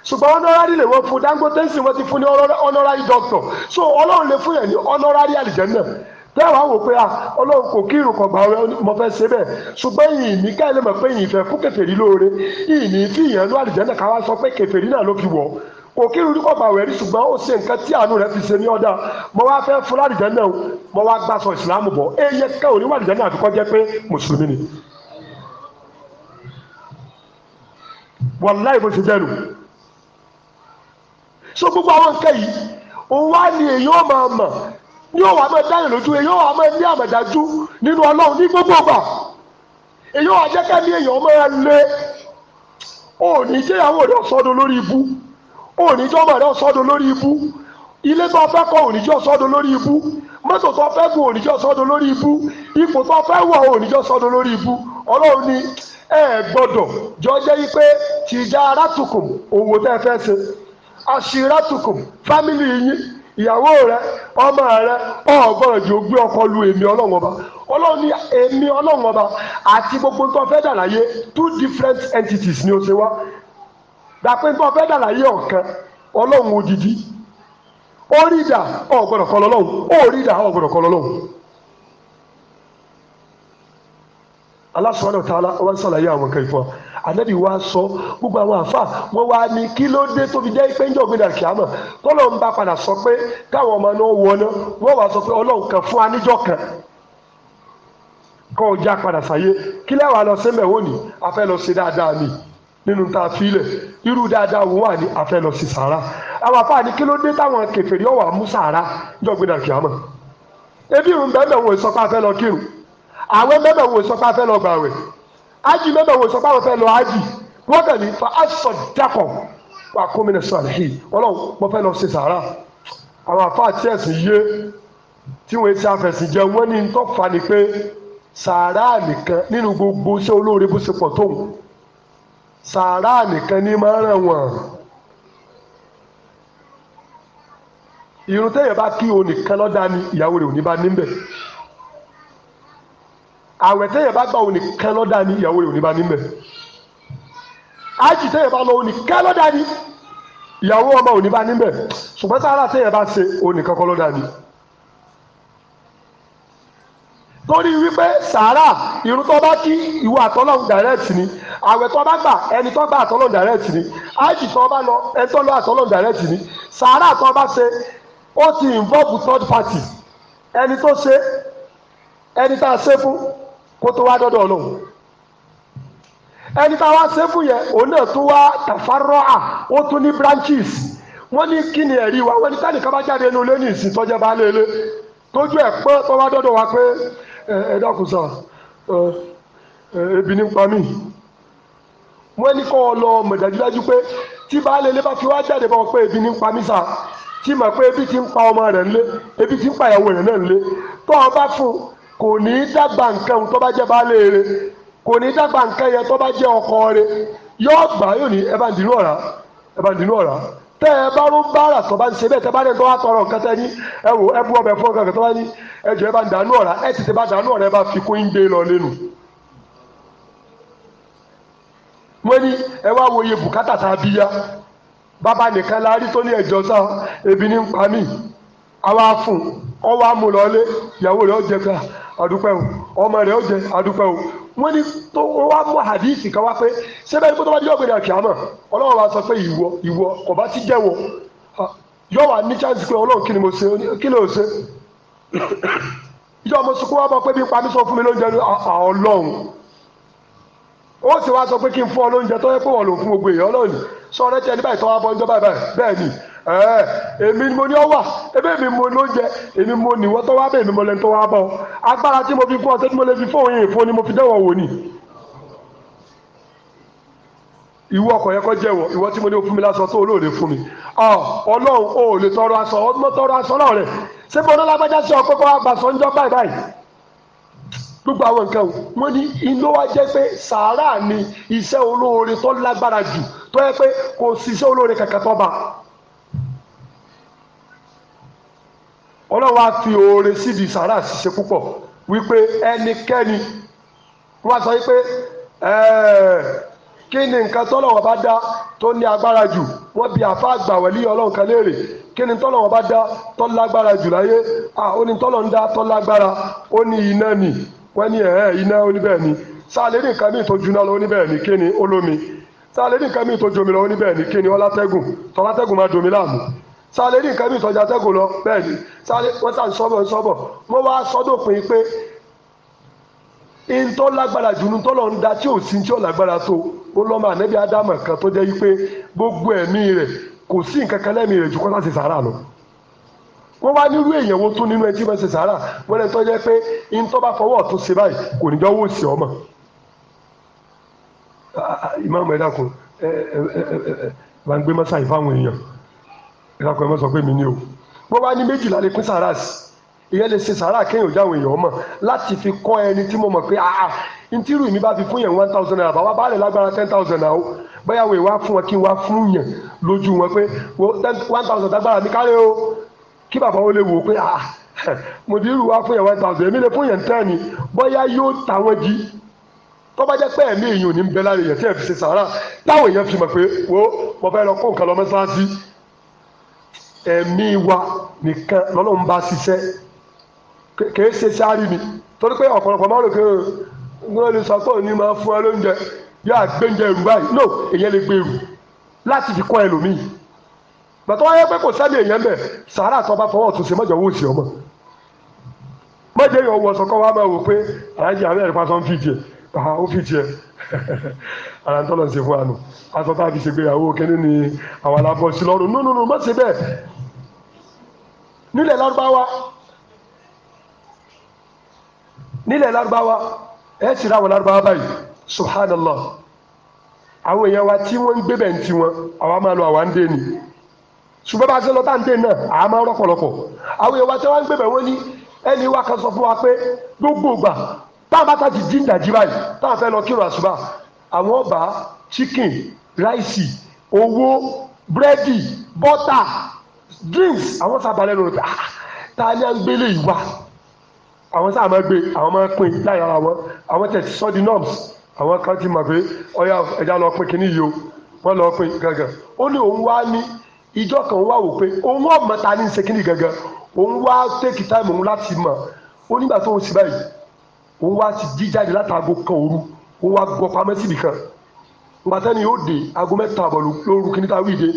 ṣùgbọ́n honorary lè wọ́n fún dangote sì wọ́n ti fún ní honorary doctor so ọlọ́run lè fún yẹn ní honorary àlìjẹ́nà tẹ́wàá wò pé ah, ọlọ́run kò kí irun kan gbà mo fẹ́ ṣe bẹ́ẹ̀ ṣùgbọ́n yìí ní káyọ̀ lè mọ̀ pé yìí fẹ́ fún kèfèrí lóore yìí ní fi ìyẹn lọ àlìjẹ́nà káwá sọ pé kèfèrí náà ló fi wọ̀ kò kí irun kò bá wẹ̀rí ṣùgbọ́n ó ṣe nǹkan tí àánú rẹ̀ fi ṣe ní ọ̀dà mo wá fẹ́ fún ládìjẹ́ náà mo wá gbà sọ ìsìlámù bọ̀ eyín ká òní wádìjẹ́ náà àfikọ́ jẹ́ pé mùsùlùmí ni. wàláì bó ṣe jẹ́ so gbogbo àwọn nǹkan yìí òun wá ní èyí ó máa mọ̀ ní òun àmọ́ dáyìn lójú èyí ó àmọ́ ní àmọ̀dájú nínú ọlọ́run ní gbogbo ọgbà èyí ó àjẹ́kẹ́ ní èyí ọmọ ẹ lé òní òníjọ́ ọmọ rẹ sọ́dọ̀ lórí ibú ilé tó fẹ́ kọ́ òníjọ́ sọ́dọ̀ lórí ibú mọ́tò tó fẹ́ gùn òníjọ́ sọ́dọ̀ lórí ibú ipò tó fẹ́ wọ̀ òníjọ́ sọ́dọ̀ lórí ibú ọlọ́run ni ẹ gbọ́dọ̀ jọ jẹ́ yí pé tìjà arátukùn òwò tẹ́ fẹ́ ṣe àṣírátukùn fámìlì yín ìyàwó rẹ ọmọ rẹ ọgbọràn jù gbé ọkọ lu èmi ọlọ́run ọba Ọlọrun ni èmi Ọlọrun ọba àti gbogbo tó fẹ́ dà láyé two different entities ni o ṣe wá dàpé tó fẹ́ dàlàyé ọ̀kan ọlọ́run òjijì ó rí ìdà ọ̀gbọ̀dọ̀ kọ́ lọ́lọ́run ó rí ìdà ọ̀gbọ̀dọ̀ kọ́ lọ́lọ́run. Allah subhanahu wa ta'ala àwọn wa sọ gbogbo àwọn àfa wọn wá ní kí ló dé tó jẹ́ pé ń jẹ́ padà sọ pé káwọn ọmọ náà wọ́n wá sọ pé ọlọ́run kan fún nínú tá a fi lẹ̀ irú dáadáa wo wà ní afẹ́ lọ sí sàárà àwọn afáà ní kí ló dé táwọn kèfèrí ọ̀wà mú sàárà níjọ́gbìn náà kìámọ̀ ebi ìrùn bẹ́ẹ̀ wò sọ pé afẹ́ lọ kírun àwẹ̀ bẹ́ẹ̀ wò sọ pé afẹ́ lọ gbàwẹ̀ ájì bẹ́ẹ̀ wò sọ pé àwọn fẹ́ lọ ájì wọ́n kàn ní fa aṣọ dákọ̀ wà kó mi nìṣọ àlẹ́hìn ọlọ́run mo fẹ́ lọ sí sàárà àwọn afáà tí ẹ̀sìn yé tí wọ́n ti afẹ̀sìn jẹ wọ́n ní tọ́fà ni pé sàárà nìkan nínú gbogbo iṣẹ́ olóore bó ṣe pọ̀ tóun sàárà nìkan ní máa ràn wọ́n irun téèyàn bá kí òun nìkan lọ́dà ni ìyàwó rẹ̀ ò ní bá níbẹ̀ àwẹ̀ téèyàn bá gbà òun nìkan lọ́dà ni ìyàwó rẹ̀ ò ní bá níbẹ̀ ájì téèyàn bá lọ òun nìkan lọ́dà ni ìyàwó ọmọ ò ní bá níbẹ̀ ṣùgbọ́n sàárà téèyàn bá ṣe òun nìkan kọ́ lọ́dà ni. torí wípé sàárà irun tó bá kí ìwọ àtọ́lọ́hún direct ni àwẹ̀ tó bá gbà ẹni tó bá direct ni tó bá lọ direct ni sàárà tó bá ó ti involve third party ẹni tó ṣe ẹni tá a ṣe fún kó tó wá dọ́dọ̀ ọlọ́run ẹni tá a wá ṣe branches wọ́n ní kí ni ẹ̀rí wa wọ́n ní bá jáde ní ìsìn wa pé ẹ dákun sà ebi ní pa mí wọ́n ní kọ́ ọ lọ mọ̀ dájúdájú pé tí baálé ilé bá fi wá jáde bá wọn pé ebi ní pa mí sà tí mọ̀ pé ebi ti ń pa ọmọ rẹ̀ ńlé ebi ti ń pa ìyàwó rẹ̀ náà ńlé tó o bá fún kò ní í dàgbà nǹkan tó bá jẹ́ baálé rẹ̀ kò ní í dàgbà nǹkan yẹn tó bá jẹ́ ọkọ rẹ̀ yóò gbà yóò ní ẹ bá ń dínú ọ̀rá ẹ bá ń dínú ọ̀rá tẹ́ ẹ bá ló ń bá àrà sọ̀bá ṣe bẹ́ẹ̀ tẹ́ bá rẹ̀ tó wá tọrọ nǹkan tẹ́ ní ẹ wò ẹ bú ọbẹ̀ fún ọkàn tó bá ní ẹ jọ ẹ bá dànù ọ̀rá ẹ tètè bá lọ lẹ́nu. a bí ya bàbá nìkan la rí tó ní ẹjọ́ sá ebi ní pa mí àwa fún ọ wá mú lọ lé ìyàwó wọ́n ní tó wá mú hadisi kan wá pé sẹ́bẹ̀ ní pọ́tọ́bá yóò gbé àmọ́ ọlọ́run wa sọ pé ìwọ ìwọ kò bá ti jẹ́wọ́ yóò wà ní chance pé ọlọ́run kí ni mo ṣe kí ni o ṣe ìjọ mo sunkún wá pé bí pa mí sọ fún mi lóúnjẹ ọlọ́run ó sì wá sọ pé kí n ọ lóúnjẹ tó yẹ pé Eh, èmi ni mo ní ọ wà ebe èmi mo ní oúnjẹ èmi mo nìwọ tó wá bẹ èmi mo lẹni tó wá bọ agbára tí mo fi fún ọ sẹ́ni mo lè fi fóun yìí fún ni mo fi dẹ́wọ̀ wò ni. ìwọ ọkọ yẹn kọ jẹ́wọ́ ìwọ tí mo ní o fún mi lásán tó olóòlè fún mi Ọlọ́run o ò lè tọrọ aṣọ ọmọ tọrọ aṣọ náà rẹ ṣé mo ní lágbájá sí ọkọ kọ àgbà ń jọ báyìí báyìí gbogbo àwọn nǹkan wọn ní iná wa jẹ́ pé sàárà ni iṣẹ́ olóore tó lágbára jù tó yẹ pé kò sí iṣẹ́ olóore kankan tó bá a. ọlọ́run á fi oore síbi sàrà ṣiṣẹ́ púpọ̀ wípé ẹnikẹ́ni wọ́n sọ wípé kí ni nǹkan tọ́lọ́run bá dá tó ní agbára jù wọ́n bi àfa àgbàwẹ̀lì ọlọ́run kan léèrè kí ni tọ́lọ́run bá dá tó lágbára jù láyé à ó ní tọ́lọ́run dá tó lágbára ó ní iná nì wọ́n ní ẹ̀ẹ́ iná ó ní bẹ́ẹ̀ ni sáàlẹ́ ní nǹkan míì tó juná lọ ó ní bẹ́ẹ̀ ni kí ni olómi sáàlẹ́ ní nǹkan míì tó jomi lọ ó ní bẹ́ẹ̀ ni kí ni ọlátẹ́gùn tọ́látẹ́gùn máa domi láàmú sáré ní nǹkan bí ìsọjà sẹ́kù lọ bẹ́ẹ̀ ni sáré wọ́n sàn sọ́bọ̀ sọ́bọ̀ wọ́n wá sọ́dọ̀pin pé in tó lágbára jù ní tọ́lọ̀ ń da tí ò sí tí ò lágbára tó ó lọ́mọ ànẹ́bí ádámù kan tó jẹ́ wípé gbogbo ẹ̀mí rẹ̀ kò sí nǹkan kan lẹ́mí rẹ̀ jù kọ́ láti sàárà lọ wọ́n wá nírú èèyàn wo tó nínú ẹtí sàárà wọ́n lẹ́ pé ìlàkùn ẹ̀ mọ́ sọ pé mi ni o bó bá ní méjìlá lè pín sàrà sí ìyẹn lè ṣe sàrà kéèyàn já àwọn èèyàn mọ̀ láti fi kọ́ ẹni tí mo mọ̀ pé àà ah, ah, ntírù mi bá fi fún yẹn one thousand naira bàbá bá lè lágbára ten thousand naira o bóyá àwọn èèyàn wá fún wọn kí wọ́n fún yẹn lójú wọn pé one thousand dágbára mi kárẹ́ o kí bàbá wọn lè wò ó pé àà ah, (laughs) mòdìrú wá fún yẹn one thousand èmi lè fún yẹn ten ni bóyá yóò ta wọn jí tó bá jẹ́ pé ẹ̀mí èèyàn ò ní bẹ lára èèyàn tí ẹ̀ fi ṣe sàrà táwọn èèyàn fi mọ̀ pé wo mo fẹ́ lọ kó nǹkan lọ mọ́ṣáláṣí ẹ̀mí wa nìkan lọ́lọ́run bá ṣiṣẹ́ kìí ṣe sáré mi torí pé ọ̀pọ̀lọpọ̀ máa ń rò pé wọ́n lè sọ pé òní máa fún ọ lóúnjẹ yóò àgbéǹjẹ ìrù báyìí no èyàn lè gbèrú láti fi kọ́ ẹlòmíì bàtọ́ wáyé pé kò sẹ́ni èyàn bẹ̀ sàárà tó bá fọwọ́ ọ̀tún ṣe mọ́jọ owó òsì ọmọ mọ́jọ yóò wọ sọ́kọ́ wa máa wò pé àyájí àwọn ẹ̀rí pásán fi tiẹ̀ bàá ó fi tiẹ̀ ara ń tọ́lọ̀ ṣe fún àná aṣọ tá a fi ni àwọn alábọ̀ọ́sí lọ́rùn nínú má bẹ́ẹ̀ nílẹ̀ lárúbáwá nílẹ̀ lárúbáwá ẹ ti ra àwọn lárúbáwá báyìí subhanallah àwọn èèyàn wa tí wọ́n ń gbébẹ̀ ń tiwọn àwa máa lọ àwa ń dé ni ṣùgbọ́n bá a ṣe lọ táǹdé náà àá máa rọ́pọ̀lọpọ̀ àwọn èèyàn wa tí wọ́n ń gbébẹ̀ wọ́n ní ẹni wa kan sọ fún wa pé gbogbo ìgbà táwọn bá ta ti dín ìdajì báyìí táwọn fẹ́ lọ kírun àṣùbà àwọn ọba chicken ráìsì owó búrẹ́dì bọ́tà dreams àwọn sábà lẹ́nu rẹ̀ pé ah, ah ta ni à ń gbélé yìí wá àwọn sábà máa gbé àwọn máa pín láì ara wọn àwọn tẹ̀sí sọ́ọ́dì norms àwọn kan ti mọ̀ pé ọ̀yà ẹja lọ pín kínní yìí o wọ́n lọ pín gangan ó ní òun wá ní ìjọ kan wá wò pé òun ọ̀mọ̀ ta ní ṣe kínní gangan òun wá take time òun láti mọ̀ ó nígbà tó ń ṣe báyìí òun wá ti jíjáde látàgò kan òru òun wá gbọ́ pamẹ́ síbì kan gbàtẹ́ni yóò dé aago mẹ́ta àbọ̀ lóru níta wíde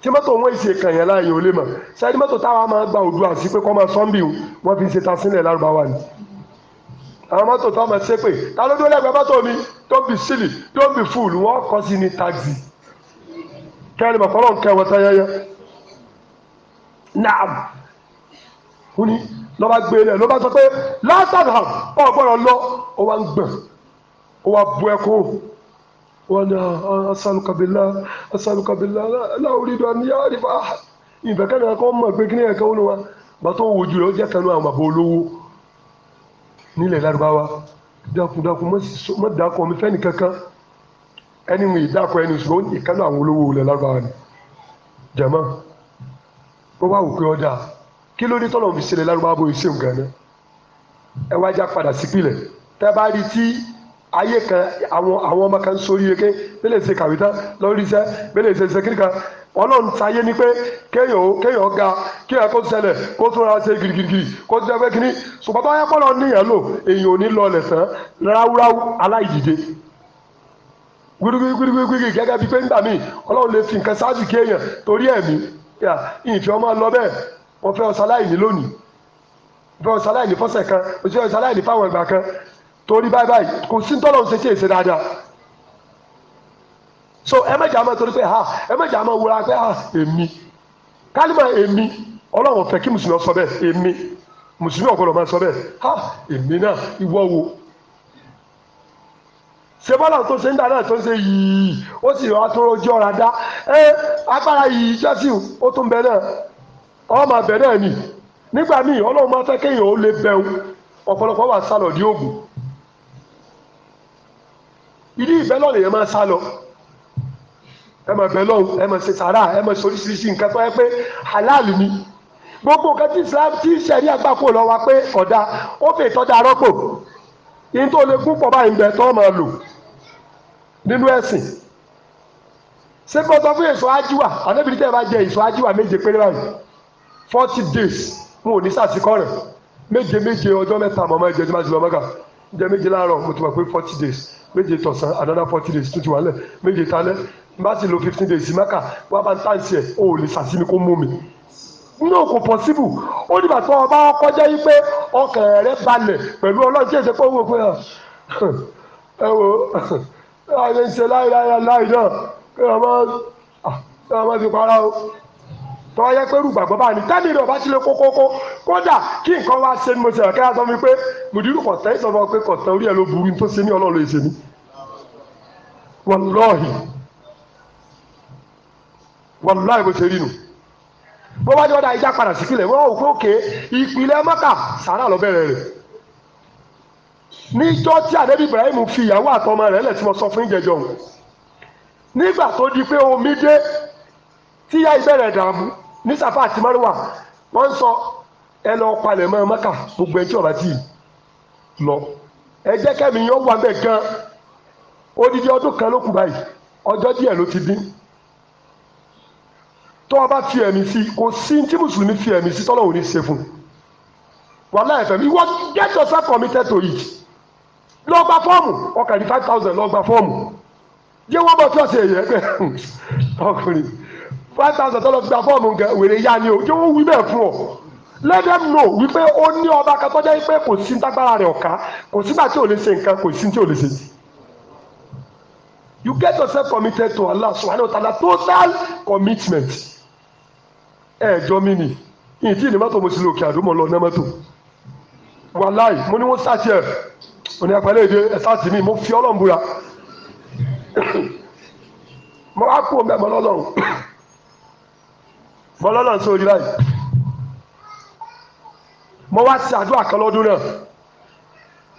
tí mọ́tò wọn èsì èkàn yẹn láàyè ó lè mọ̀ sẹ́ni mọ́tò táwa máa gba òdu àti pé kọ́ máa sọ́ńbì wọn fi ṣe ta sílẹ̀ lárúbáwá ni àwọn mọ́tò tó máa ṣe pé ta ló dúró lẹ́gbẹ̀ẹ́ mọ́tò mi tó bì sílì tó bì fúlù wọn kọ́ sí ní táxi kẹ́rin bàbá ọlọ́run kẹ́ wọ́n tẹ́yẹ́yẹ́ naam ó ní lọ́ba gbé lẹ̀ lọ́ba sọ pé látàdà ọ̀gbọ́n lọ ó وانا اسالك بالله اسالك بالله لا, لا اريد ان يعرف احد ìfẹ́ kẹ́nà kan mọ̀ pé kíní ẹ̀kan olúwa bá tó wo jùlọ jẹ́ kanú àwọn bàbá olówó nílẹ̀ lárúbáwá dákúndákún mọ́ dákún ọmọ ìfẹ́ nìkankan ẹni wọn ìdákọ̀ ẹni ṣùgbọ́n ìkanú àwọn olówó ilẹ̀ lárúbáwá ni jẹ̀mọ́ bó bá wù pé ọ̀dà kí ló dé tọ́lọ̀ fi ṣẹlẹ̀ lárúbáwá bó ṣe ń gan ẹ wá já padà sípìlẹ̀ tẹ́ bá rí tí ayé kan àwọn àwọn ọmọ kan sórí eke bẹ́lẹ̀ ṣe kàwé tán iṣẹ́ bẹ́lẹ̀ ṣe ṣe ọlọ́run sáyé ni pé kéèyàn kéèyàn ga kéèyàn kó ṣẹlẹ̀ kó tún ra ṣe girigirigiri kó tún ẹgbẹ́ kínní ṣùgbọ́n tó yẹ kọ́lọ́ níyàn lò èèyàn ò ní lọ ráúráú aláìdìde gẹ́gẹ́ bíi pé nígbà míì ọlọ́run lè fi nǹkan ṣáájú kéèyàn torí ẹ̀mí ìfẹ́ ọmọ lọ bẹ́ẹ̀ wọ́n fẹ́ ọ̀sán lónìí fẹ́ ọ̀sán fọ́sẹ̀ kan òṣìṣẹ́ ọ̀sán fáwọn ìgbà kan torí báyìí báyìí kò sí tọ́lọ̀ ń so ẹ mẹ́jà máa torí ha ẹ mẹ́jà máa ha èmi kálímọ̀ èmi ọlọ́run fẹ́ kí mùsùlùmí sọ bẹ́ẹ̀ èmi mùsùlùmí ọ̀gbọ́dọ̀ máa sọ bẹ́ẹ̀ ha èmi náà ìwọ wo ṣe tó ṣe ń dáná tó ń ṣe yìí ó sì rọ atúrò ojú ọ̀rá dá ẹ agbára yìí jọ́sìn ó tún bẹ náà ọmọ abẹ náà nì nígbà ìdí ìbẹ́ lọ́nà yẹn máa sá lọ ẹ máa bẹ lọ́hùn ẹ máa ṣe sàrà ẹ máa ṣe oríṣiríṣi nǹkan tó yẹ pé halal ni gbogbo nǹkan tí Islam ti ṣẹ̀rí àgbàpọ̀ lọ wa pé ọ̀dà ó fè tọ́ da rọ́pò yín tó lè gúnpọ̀ báyìí ń bẹ tó máa lò nínú ẹ̀sìn ṣé kó sọ fún èso ajíwà àdébìrì tẹ́ ẹ bá jẹ èso ajíwà méje péré báyìí forty days n ò ní sàṣìkọ́ rẹ̀ méje méje ọjọ́ mẹ́ta mọ̀mọ́ ẹ̀jẹ̀ tí wọ́n ti lọ mọ́gà jẹ méje láàárọ̀ mo ti mọ̀ pé forty days méje tọ̀sán another forty days tó ti wà lẹ̀ méje talẹ́ bá sì lo fifteen days mẹ́ka wọ́n bá ń tàǹsì ẹ̀ o ò lè sàṣìmí kó mú mi no kò pọ̀sibù ó dìgbà tó ọba kọjá yìí pé ọkàn rẹ balẹ̀ pẹ̀lú ọlọ́run tí èsè pé owó pé ẹ wo ẹ ṣe láìláìláì náà kí ọmọ ah, kí ọmọ ti para o tọ́wọ́ yẹ pé rúgbàgbọ́ bá ní tẹ́mi rẹ̀ ọba ti lé kókókó kódà kí nǹkan wá ṣe ni mo ṣe ọ̀kẹ́ yà sọ mi pé mùdírù kọ̀tẹ́ ìsọ fún ọ pé kọ̀tẹ́ orí ẹ̀ ló burú tó ṣe ní ọlọ́ọ̀lọ́ ìṣe ni. wàlúùlọ́ọ̀hì wàlúùlọ́ọ̀hì bó ṣe rí nu bó wá ní ọ̀dà ìjà padà sí kílẹ̀ wọ́n ò pé òkè ìpìlẹ̀ mọ́kà sàrà lọ bẹ̀rẹ̀ rẹ̀ níjọ́ tí àdébí Ibrahim fi ìyàwó àtọmọ rẹ̀ lẹ̀ tí mo sọ fún ìjẹjọ́ nígbà tó di pé omi dé tíyá ìbẹ̀rẹ̀ dààmú ní sàfà àti márùwà wọ́n ń sọ ẹ lọ palẹ̀ mọ́ mọ́kà gbogbo ẹjọ́ ọ̀bá tì lọ ẹ jẹ́ kẹ́mi yẹn wà bẹ́ẹ̀ gan odidi ọdún kan ló kù báyìí ọjọ́ díẹ̀ ló ti dín tó o bá fi ẹ̀mí sí kò sí tí mùsùlùmí fi ẹ̀mí sí tọ́lọ́wọ́ ní ṣe fún wàhálà ẹ̀fẹ̀ mi wọ́n get yourself committed to it lọ gba fọ́ọ̀mù ọkàn ní five thousand lọ gba fọ́ọ̀mù yé wọ́n bọ̀ tí wọ́n ṣe èyí ẹgbẹ́ (laughs) ọkùnrin. five thousand tó lọ gba wèrè yá ni o kí wọ́n wí ọ let them know wípé ó ní ọba kan tó pé kò sí tágbára rẹ̀ si kò sígbà tí ò lè ṣe nǹkan kò sí tí ò lè ṣe. you get yourself committed to Allah subhanahu total commitment ẹ̀ẹ́dọ́ mi ni ìdí ìní mọ́tò mo sì lè òkè àdúmọ̀ lọ ní mọ́tò wàláì mo ní sáàtì mi mo fi Ọlọ́run búra (coughs) mo á kú (coughs) mọlọlọ lọ́nà sórí báyìí mo wá sí àdúrà kan lọ́dún náà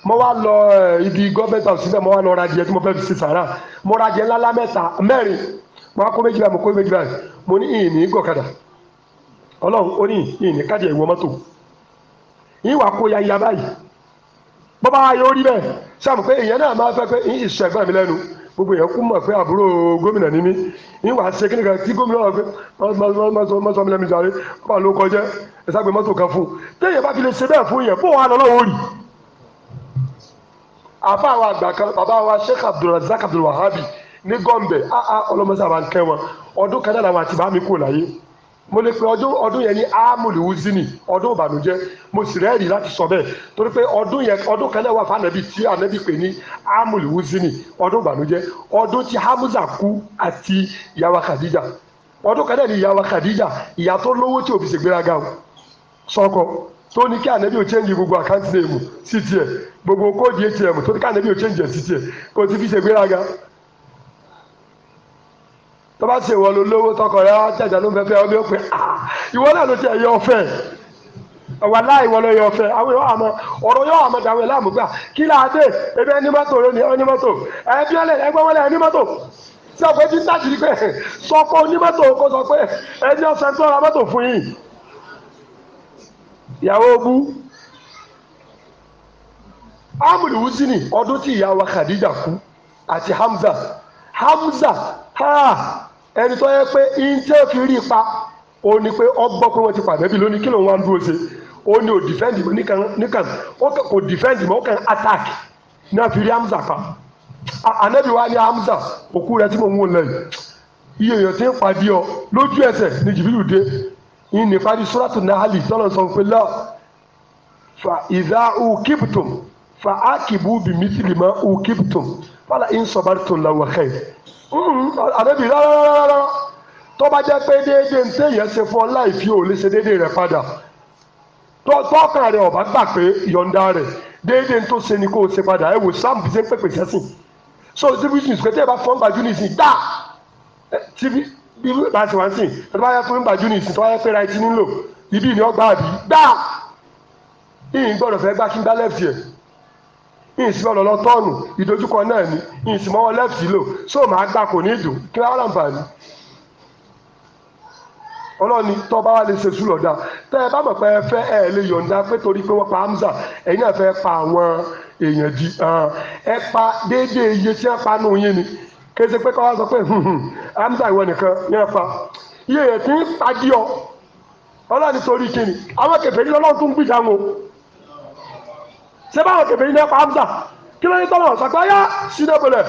mo wá lọ eh, ibi gọ́ọ̀mẹ́ntì ọ̀sùn síbẹ̀ mo wá lọ ra tí mo fẹ́ fi ṣe ra ńláńlá mẹ́ta mẹ́rin mo wá kó méjì báyìí mo kó méjì báyìí mo ní ìní gọ̀kadà ọlọ́run ó ní ìní ìwọ mọ́tò ya ya báyìí bọ́bá rí bẹ́ẹ̀ pé ìyẹn náà máa fẹ́ gbogbo yẹn kú mọ̀ pé àbúrò gómìnà ni mí ní wàá ṣe kíni kan tí gómìnà mọ́sọ́ mi lẹ́mi sáré ọba ló kọjá ẹ ságbé mọ́tò kan fún un téèyàn bá fi lè ṣe bẹ́ẹ̀ fún yẹn bó wà lọ́wọ́ òrì. àbá wa àgbà kan bàbá wa Sheikh Abdulrazak Abdulwahabi ní gọ́ǹbẹ̀ ọlọ́mọṣẹ́ àbá ń kẹ́ wọn ọdún kan náà làwọn àtìbá mi kò láyé mo lè pe ọdún ọdún yẹn ní amúlì wúzínì ọdún ìbànújẹ́ mo sì rẹ́ẹ̀rí láti sọ bẹ́ẹ̀ torí pé ọdún yẹn ọdún kan náà wà fún ànábì tí ànábì pè ní amúlì wúzínì ọdún ìbànújẹ́ ọdún tí Hamza kú àti ìyàwó Khadija ọdún kan náà ní ìyàwó Khadija ìyá tó lówó tí òfìsè gbéraga o sọkọ tó ní kí ànábì ò change gbogbo àkáǹtì nèèmù sí tiẹ̀ gbogbo kóòdì atm tó ní kí ànábì ò change ẹ̀ sí tiẹ̀ kò ti fi ṣègbéraga tó bá ṣe ìwọ ló lówó tọkọ rẹ jàjà ló ń fẹfẹ ọbẹ òpin ìwọ náà ló ti ẹyọ ọ̀fẹ́ ọwọ aláìwọ ló yọ ọ̀fẹ́ àwọn yóò àmọ́ ọ̀rọ̀ yóò àmọ́ dàwọn ìlàmú gbà kí láàdé ebi ẹni mọ́tò lónìí ẹni mọ́tò ẹbí ọlẹ ẹgbẹ wọlé ẹni mọ́tò tí ọkọ ti ń tàjì pé sọ pé onímọ́tò kò sọ pé ẹni ọsẹ tó ra mọ́tò fún yìí ìyàwó bú amúlù wúsínì ọdún tí ìyá Khadija kú àti Hamza Hamza ha ẹni tó yẹ pé intel fi rí ipa ó ní pé ọgbọ́ pé wọ́n ti pàdé bí lónìí kí lòun wá ń dúró ṣe ó ní ò defend mọ́ nìkan ó kò defend mọ́ ó kàn attack náà fi rí Hamza pa anabi wa ni Hamza òkú rẹ tí mo ń wò lẹ́yìn iye èèyàn ti ń pàdé ọ lójú ẹsẹ̀ ní jìbìlù dé ìní parí sóràtù nahali tọ́lọ̀ sọ fa ìdá ukibtum fa akibu bi mitili ma ukibtum fala in sabartum la wa Hmm, àdébí rárá tó bá jẹ́ pé déédéé ń téèyàn ṣe fún ọ láì fi òòlù ṣe déédéé rẹ̀ padà tọ́kàn rẹ̀ ọ̀bá gbà pé yọ̀ǹda rẹ̀ déédéé tó ṣe ni kó o ṣe padà ẹ̀ wò sam bí ṣe ń pèpè sẹ́sìn so civil news kò tẹ́ ẹ bá fọ́n gbajú ní ìsìn dáa tíbi bí bá ṣe wá ń sìn tó bá yẹ fún gbajú ní ìsìn tó bá yẹ pé right nílò ibi ni ọgbà àbí dáa ìyìn gbọ́dọ̀ fẹ́ gbá kí n gbá lẹ́fì ìsìmọ̀ lọ́lọ́ tọ́ọ̀nù ìdojúkọ náà ni ìsìmọ̀ wọn lẹ́fì lò so màá gbà kò ní dùn kí wọ́n á láǹfààní. ọlọ́ni tọ́ bá wà lè ṣe sùúrù ọ̀dà tẹ́ ẹ bá mọ̀ pé ẹ fẹ́ ẹ lè yọ̀ǹda pé torí pé wọ́n pa Hamza ẹ̀yin náà fẹ́ pa àwọn èèyàn di ẹ pa déédéé iye tí wọ́n pa nù yín ni kéde pé káwá sọ pé hmm, hmm, Hamza ìwọ nìkan yẹn pa iye yẹn ti ń pa díọ̀ ọlọ́ni torí kíni àwọn kẹfẹ́ ní ṣé báwọn kẹfẹ́ yìí náà pa Hamza kí ló ní tọ́lọ̀ sọ pé ayá ṣídà bọ̀lẹ̀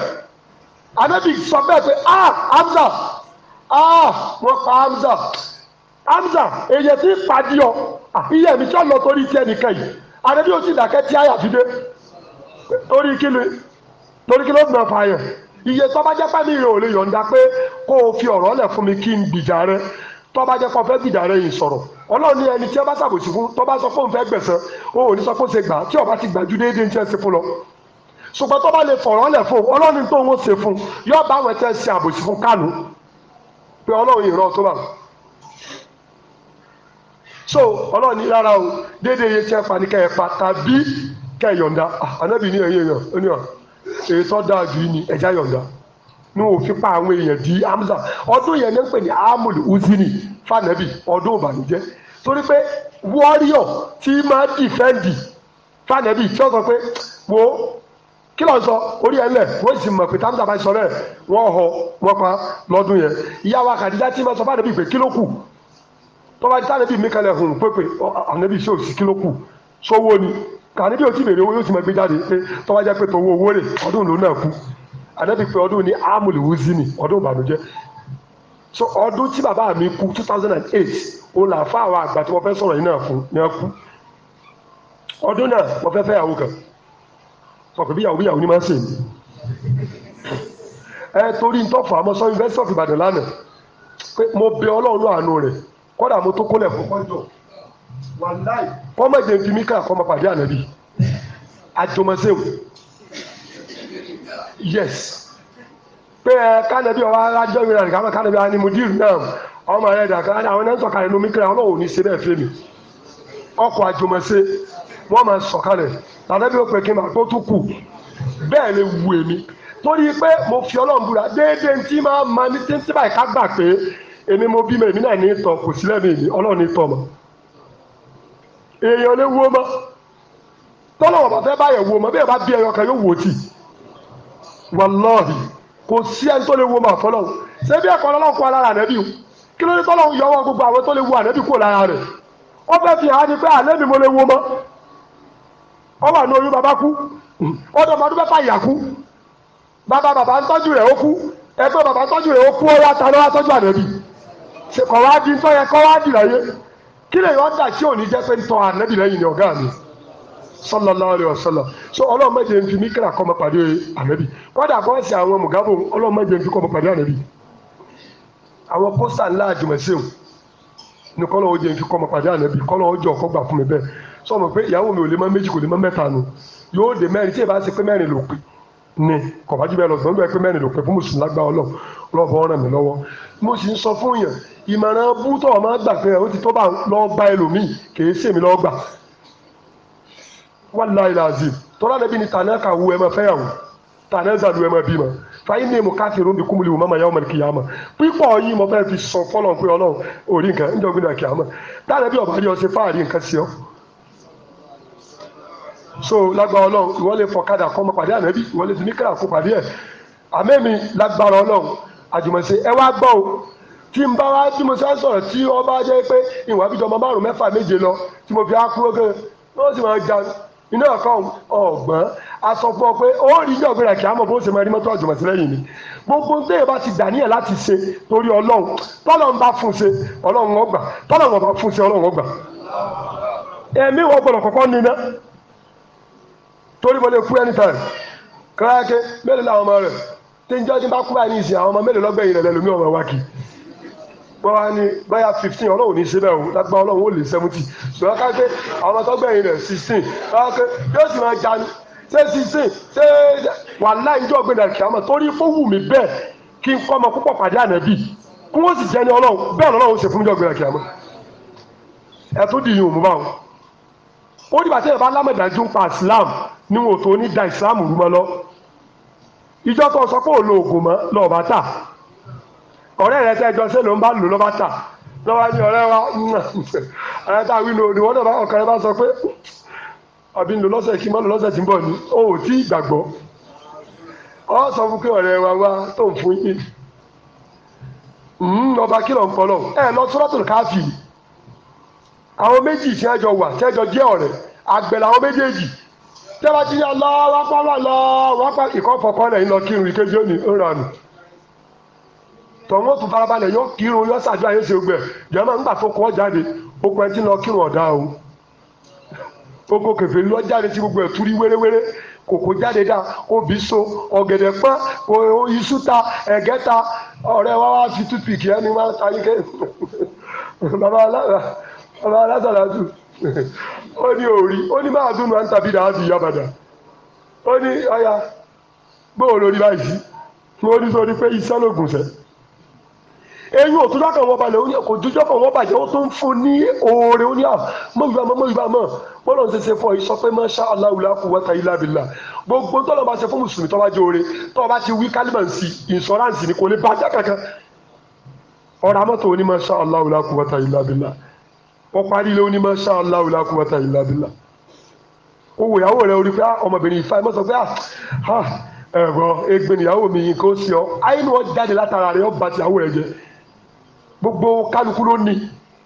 anabi sọ bẹ́ẹ̀ pé a ah, Hamza a ah, wọ́n pa Hamza Hamza èyẹ tí pàdé ọ ah, iye mi tí ọ lọ torí tiẹ̀ nìkan yìí anabi ó sì dàkẹ́ tí ayà fi dé torí kí ni torí kí ló ń bẹ̀ fà yẹn iye tọ́ba jẹ́ pẹ́ mi rè ò lè yọ̀ǹda pé kó o fi ọ̀rọ̀ lẹ̀ fún mi kí n gbìjà rẹ tọ́ba jẹ́ pẹ́ fẹ́ gbìjà rẹ yìí sọ̀rọ̀ ọlọ́run ní ẹni tí ẹ bá ṣàbòsí fún tó bá sọ fóun fẹ́ gbẹ̀san o ò ní sọ fóun ṣe gbà tí ọba ti gbà ju déédéé ń ṣe ṣe fún lọ ṣùgbọ́n tó bá lè fọ̀rọ̀ lẹ̀ fún ọlọ́run tó ń ṣe fún yóò bá àwọn ẹ̀tẹ́ ṣe àbòsí fún kánú pé ọlọ́run yìí rán tó bá so ọlọ́run ní rárá o déédéé iye tí ẹ pa ní kẹ́ ẹ pa tàbí kẹ́ ẹ yọ̀ǹda ah, ànábì ní ẹ̀yẹ yọ̀ èyí tó dáa jù ní ẹ̀já yọ̀ǹda ní òfin pa àwọn èèyàn di hamza ọdún yẹn ní ń pè ní amul uzini fanabi ọdún ìbànújẹ́ torí pé wọ́ríọ̀ tí máa dìfẹ́ǹdì fanabi tí wọ́n sọ pé wo kí ló ń sọ orí ẹ lẹ wọ́n sì mọ̀ pé tamsa bá sọ bẹ́ẹ̀ wọ́n họ wọ́n pa lọ́dún yẹn ìyá wa kàdíjà tí máa sọ fanabi pé kí ló kù tọ́ba tí anabi mi kalẹ̀ hùn pépè anabi ṣe òsì kí ló kù sówó ni kàníbi ò ti bèrè owó yóò ti máa gbé jáde pé tọ́ba jẹ́ pé tòwó owó rè ọdún ló náà kú ànábì pé ọdún ní amúlù wúzí ni ọdún ìbànújẹ́ so ọdún tí bàbá mi kú two thousand and eight ó là fún àwọn àgbà tí wọ́n fẹ́ sọ̀rọ̀ yìí náà fún ní ọkú ọdún náà wọ́n fẹ́ fẹ́ yàwó kan sọ̀kò bí yàwó bí yàwó ni máa ń sè mí ẹ torí ntọ́fọ̀ àmọ́ sọ university of Ìbàdàn lánàá pé mo bẹ ọlọ́run àánú rẹ̀ kọ́dà mo tó kólẹ̀ fún kọ́jọ́ wàláì kọ́mọ̀jẹ̀ fi mí ká kọ́mọ pàdé ànábì àjọmọ́sẹ́wò yes pé ẹ kánẹbí ọwọ alájọ ìrìn àdìgá máa kánẹbí àwọn ẹnìmọdìrì náà ọmọ rẹ dàgbà àwọn ẹni sọ̀kalẹ̀ lómi kíra Ọlọ́run ò ní ṣe bẹ́ẹ̀ fẹmi ọkọ̀ àjùmọ̀ṣe wọn máa sọ̀kalẹ̀ lànàbí ó pè kí n máa tó tún kù bẹ́ẹ̀ lè wù èmi torí pé mo fi Ọlọ́run búra déédéé ntí máa ma ní títí báyìí ká gbà pé èmi mo bímọ èmi náà ní ìtọ kò sílẹ̀ mi èmi Ọlọ́run ní ìtọ mọ èèyàn lè wo mọ tọ́lọ́wọ̀ bàtẹ́ báyẹ̀ wo mọ bí ẹ bá bí ẹyọ kan yóò wò ó tì í wàlọ́ọ̀hì kò sí ẹni tó lè wo màá fọlọ́hùn ṣé bí ẹ̀kọ́ ọlọ́run kọ́ lára ànábì o kí ló ní tọ́lọ́hùn yọ ọwọ́ gbogbo àwọn tó lè wo ànábì kúrò lára rẹ̀ ó fẹ́ fi hàn ní pé ànábì mo lè wo mọ́ ọ wà ní oyún bàbá kú ya ọmọdún mẹ́fà ìyá kú bàbá bàbá ń tọ́jú rẹ̀ ta tọ́jú ànábì kọ̀ wá di ntọ́ yẹ kọ́ wá di kí lè yọ ọ́ dà tí ò ní jẹ́ pé ntọ́ lẹ́yìn sallallahu alaihi wasallam so ọlọ́run má jẹ́ n fi mikra kọ́ mọ́ pàdé ànábì kọ́dà fọ́ọ̀sì àwọn mùgábò ọlọ́run má jẹ́ n fi kọ́ mọ́ pàdé ànábì àwọn pósà ńlá àjùmọ̀sẹ́wò ni kọ́lọ́ ó jẹ́ n fi kọ́ mọ́ pàdé ànábì kọ́lọ́ ó jọ kọ́ gbà fún mi bẹ́ẹ̀ sọ ma pé ìyàwó mi ò lè má méjì kò lè má mẹ́ta nu yóò dé mẹ́rin tí ì bá ṣe pé mẹ́rin ló pé ni kọ̀bájú bẹ́ẹ̀ lọ sọ nígbà pé mẹ́rin ló pé fún mùsùlùmí lágbá ọlọ́run ọlọ́run ràn mí lọ́wọ́ mo sì ń sọ fún yàn ìmọ̀ràn bútọ̀ máa gbà pé wàláì làzì tọ́lá nàbí ni tànà kàwú ẹ̀ máa fẹ́yàwó tànà zàdù ẹ̀ máa bímọ fàyín ní èmo káfí rúbi kúmùlì wùmọ́ màyà ọmọ kìyàmà pípọ̀ yìí mo fẹ́ fi sọ fọlọ́n pé ọlọ́run orí nǹkan ń jọ́gbìn náà kìyàmà dáná bí ọ̀bá yọ ṣe fáàrí nǹkan sí ọ. so lágbára ọlọ́run ìwọ lè fọ kádà kọ́ ọmọ pàdé ànábì ìwọ lè fi mí kádà kó pàdé ẹ̀ àmẹ́mi lágbára ọlọ́run àjùmọ̀ṣe ẹ wá gbọ́ o tí n bá wá tí mo sá sọ̀rọ̀ tí ọba jẹ́ pé ìwà bíjọ́ ọmọ márùn-ún mẹ́fà méje lọ tí mo fi á kúrò gẹ́gẹ́ lọ́wọ́ sì máa ń jà iná ọ̀kan ọ̀gbọ́n asọ̀pọ̀ pé ó rí ní ọ̀gbẹ́rẹ̀ kí á mọ̀ bó ṣe máa rí mọ́tò ọ̀jọ̀mọ̀ sí lẹ́yìn mi gbogbo ń tẹ́yẹ̀ bá ti dà níyẹ̀ láti ṣe torí ọlọ́run tọ́lọ́run bá fún ṣe ọlọ́run ọgbà tọ́lọ́run bá fún ṣe ọlọ́run ọgbà ẹ̀mí wọn gbọ́dọ̀ kọ́kọ́ níná torí mo lè kú anytime kíláàkì mélòó làwọn ọmọ rẹ̀ tí ń jọ́ bọ́wá ní báyà fifteen ọlọ́run ní síbẹ̀ o lágbá ọlọ́run ó lè seventy ṣùgbọ́n ká pé àwọn tọ́gbẹ̀yìn rẹ̀ sixteen báwa pé yóò sì máa jà ní ṣé sixteen ṣé wà láì jọ gbẹdẹ kìámọ̀ torí fówù mi bẹ́ẹ̀ kí n kọ́ ọmọ púpọ̀ pàdé ànábì kí wọ́n sì jẹ́ ní ọlọ́run bẹ́ẹ̀ lọ́lọ́run ṣe fún mi jọ gbẹdẹ kìámọ̀ ẹ̀ tó dì yín òmù báwọn ó dìbò àti ẹ̀ bá lámọ̀dájú ń pa Islam níwọ̀n tó ní da Islam rú mọ́ lọ ìjọ tó sọ pé òun lo oògùn mọ́ lọ́ọ̀bá tà ọ̀rẹ́ rẹ tẹ́ jọ sẹ́lẹ̀ ń bá lò lọ́ba tà ní ọ̀rẹ́ wa (laughs) ọ̀rẹ́ tá a wí náà bá sọ pé ọbí ń lò lọ́sẹ̀ kí n lò lọ́sẹ̀ tí ń ni o ò tí ì ọ sọ fún pé wa tó ń hmm, ọba ń lọ àwọn méjì tí jọ wà tí jọ méjèèjì ti lẹ́yìn lọ kírun tọ̀wọ́n tún farabalẹ yọ kírun yóò ṣàdúrà yóò ṣe gbẹ jọ máa ń gbà tó kọ́ jáde ó kọ́ ẹtí lọ kírun o kẹfẹ lọ jáde tí gbogbo ẹ̀ túrí wéréwéré kòkó jáde dá obì so ọ̀gẹ̀dẹ̀ pọ́n iṣu ta ẹ̀gẹ́ ta ọ̀rẹ́ wa wá fi ẹni wá ó ní òòrí ó ní máa ń tàbí di ó ní báyìí mo ní sọ ní eyín òtún lọ́kàn wọn balẹ̀ kò jújọ́ kan wọ́n bàjẹ́ ó tún fún ní oore ó ní à ah, mọ̀júbà mọ̀ mọ̀júbà mọ̀ bọ́lọ̀ ń ṣẹṣẹ fún ọ sọ pé masha Allah la quwwata illa billah gbogbo tọ́lọ̀ bá ṣe fún mùsùlùmí tọ́wá jẹ́ oore tọ́wọ́ bá ti wí kálímà sí insurance ni kò lè bàjẹ́ kankan ọ̀rọ̀ amọ́tò ó ní masha Allah la quwwata illa billah wọ́n parí ilé ó ní masha Allah la quwwata illa billah owó ìyàwó rẹ̀ orí pé ah, ọmọbìnrin ìfà ẹ̀ mọ́ sọ pé ah, ẹ̀rọ egbènìyàwó mi kò sí ọ ayé ni wọ́n jáde látara rẹ̀ ọba tìyàwó rẹ̀ jẹ́ gbogbo kálukú ló ní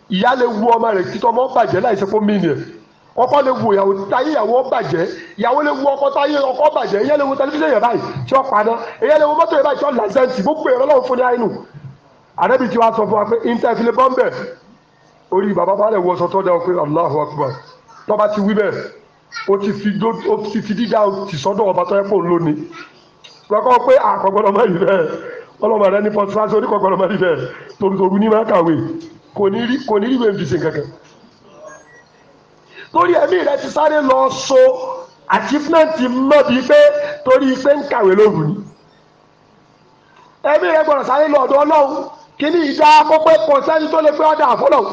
ìyá lè wu ọmọ rẹ̀ títọ́ ọmọ bàjẹ́ láìsí pé mí nìyẹn ọkọ lè wu ìyàwó táyé ìyàwó bàjẹ́ ìyàwó lè wu ọkọ táyé ọkọ bàjẹ́ ìyá lè wu tẹlifíṣàn yẹn báyìí tí ó paná ìyá lè wu mọ́tò yẹn báyìí tí ó làzẹ́ǹtì gbogbo ìrọ̀ lọ́wọ́ fún ní àyínú àdẹ́bí tí wàá sọ fún wa pé intanfilé bọ́m̀bẹ̀ orí bàbá bá lè wọ sọtọ́ dá o pé Allahu Akbar tọ́ba ti wí bẹ́ẹ̀ ó ti fi dó ó ti fi dídá ti sọ́dọ̀ ọba tó yẹ kó ń lónìí lọ́kọ́ pé àkọ́gbọ́dọ̀ mọ́ yìí bẹ́ẹ̀ ọlọ́mọ rẹ ní fọ́sí sáṣọ oníkọ̀ọ̀kan ọlọ́mọ rí bẹ́ẹ̀ torutoru ní máa kàwé kò ní rí ìwé ìfisìn kankan. torí ẹ̀mí rẹ ti sáré lọ so achievement mọ́ bíi pé torí pé ń kàwé lóru ni. ẹ̀mí rẹ gbọ́dọ̀ sáré lọ ọ̀dọ̀ ọlọ́run kí ní ìdá pọ́pẹ́ kọ̀ọ̀sẹ́ni tó lè pé ọ̀dà àfọlọ́run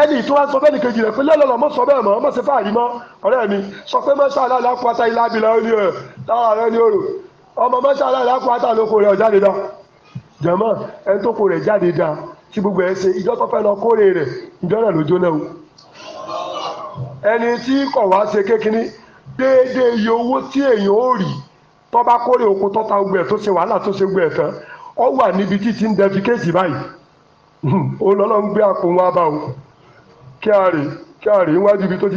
ẹni ìtura sọ bẹ́ẹ̀ ni kejì rẹ̀ pé lọ́lọ́lọ́ mọ̀ sọ bẹ́ẹ̀ mọ̀ mọ̀ sí fáàrí mọ́ ọ̀rẹ́ mi sọ pé mọ́ṣáláà lápá táyé lábìlà ó ní ẹ̀ ọmọ mọ́ṣálá lápáta ló kó rẹ̀ jáde dáa jẹ̀mọ́ ẹni tó kó rẹ̀ jáde tí gbogbo ẹ̀ ṣe ìjọ tó fẹ́ lọ kórè rẹ̀ ìjọ náà ló jóná o ẹni tí kọ̀ wá ṣe kékeré déédéé iye owó tí èèyàn ó rì tó bá kórè oko tó ta tó ṣe wàhálà tó ṣe tán ọ wà níbi hmm, gbé àpò wọn bá o kí a rè kí a rè ibi tó ti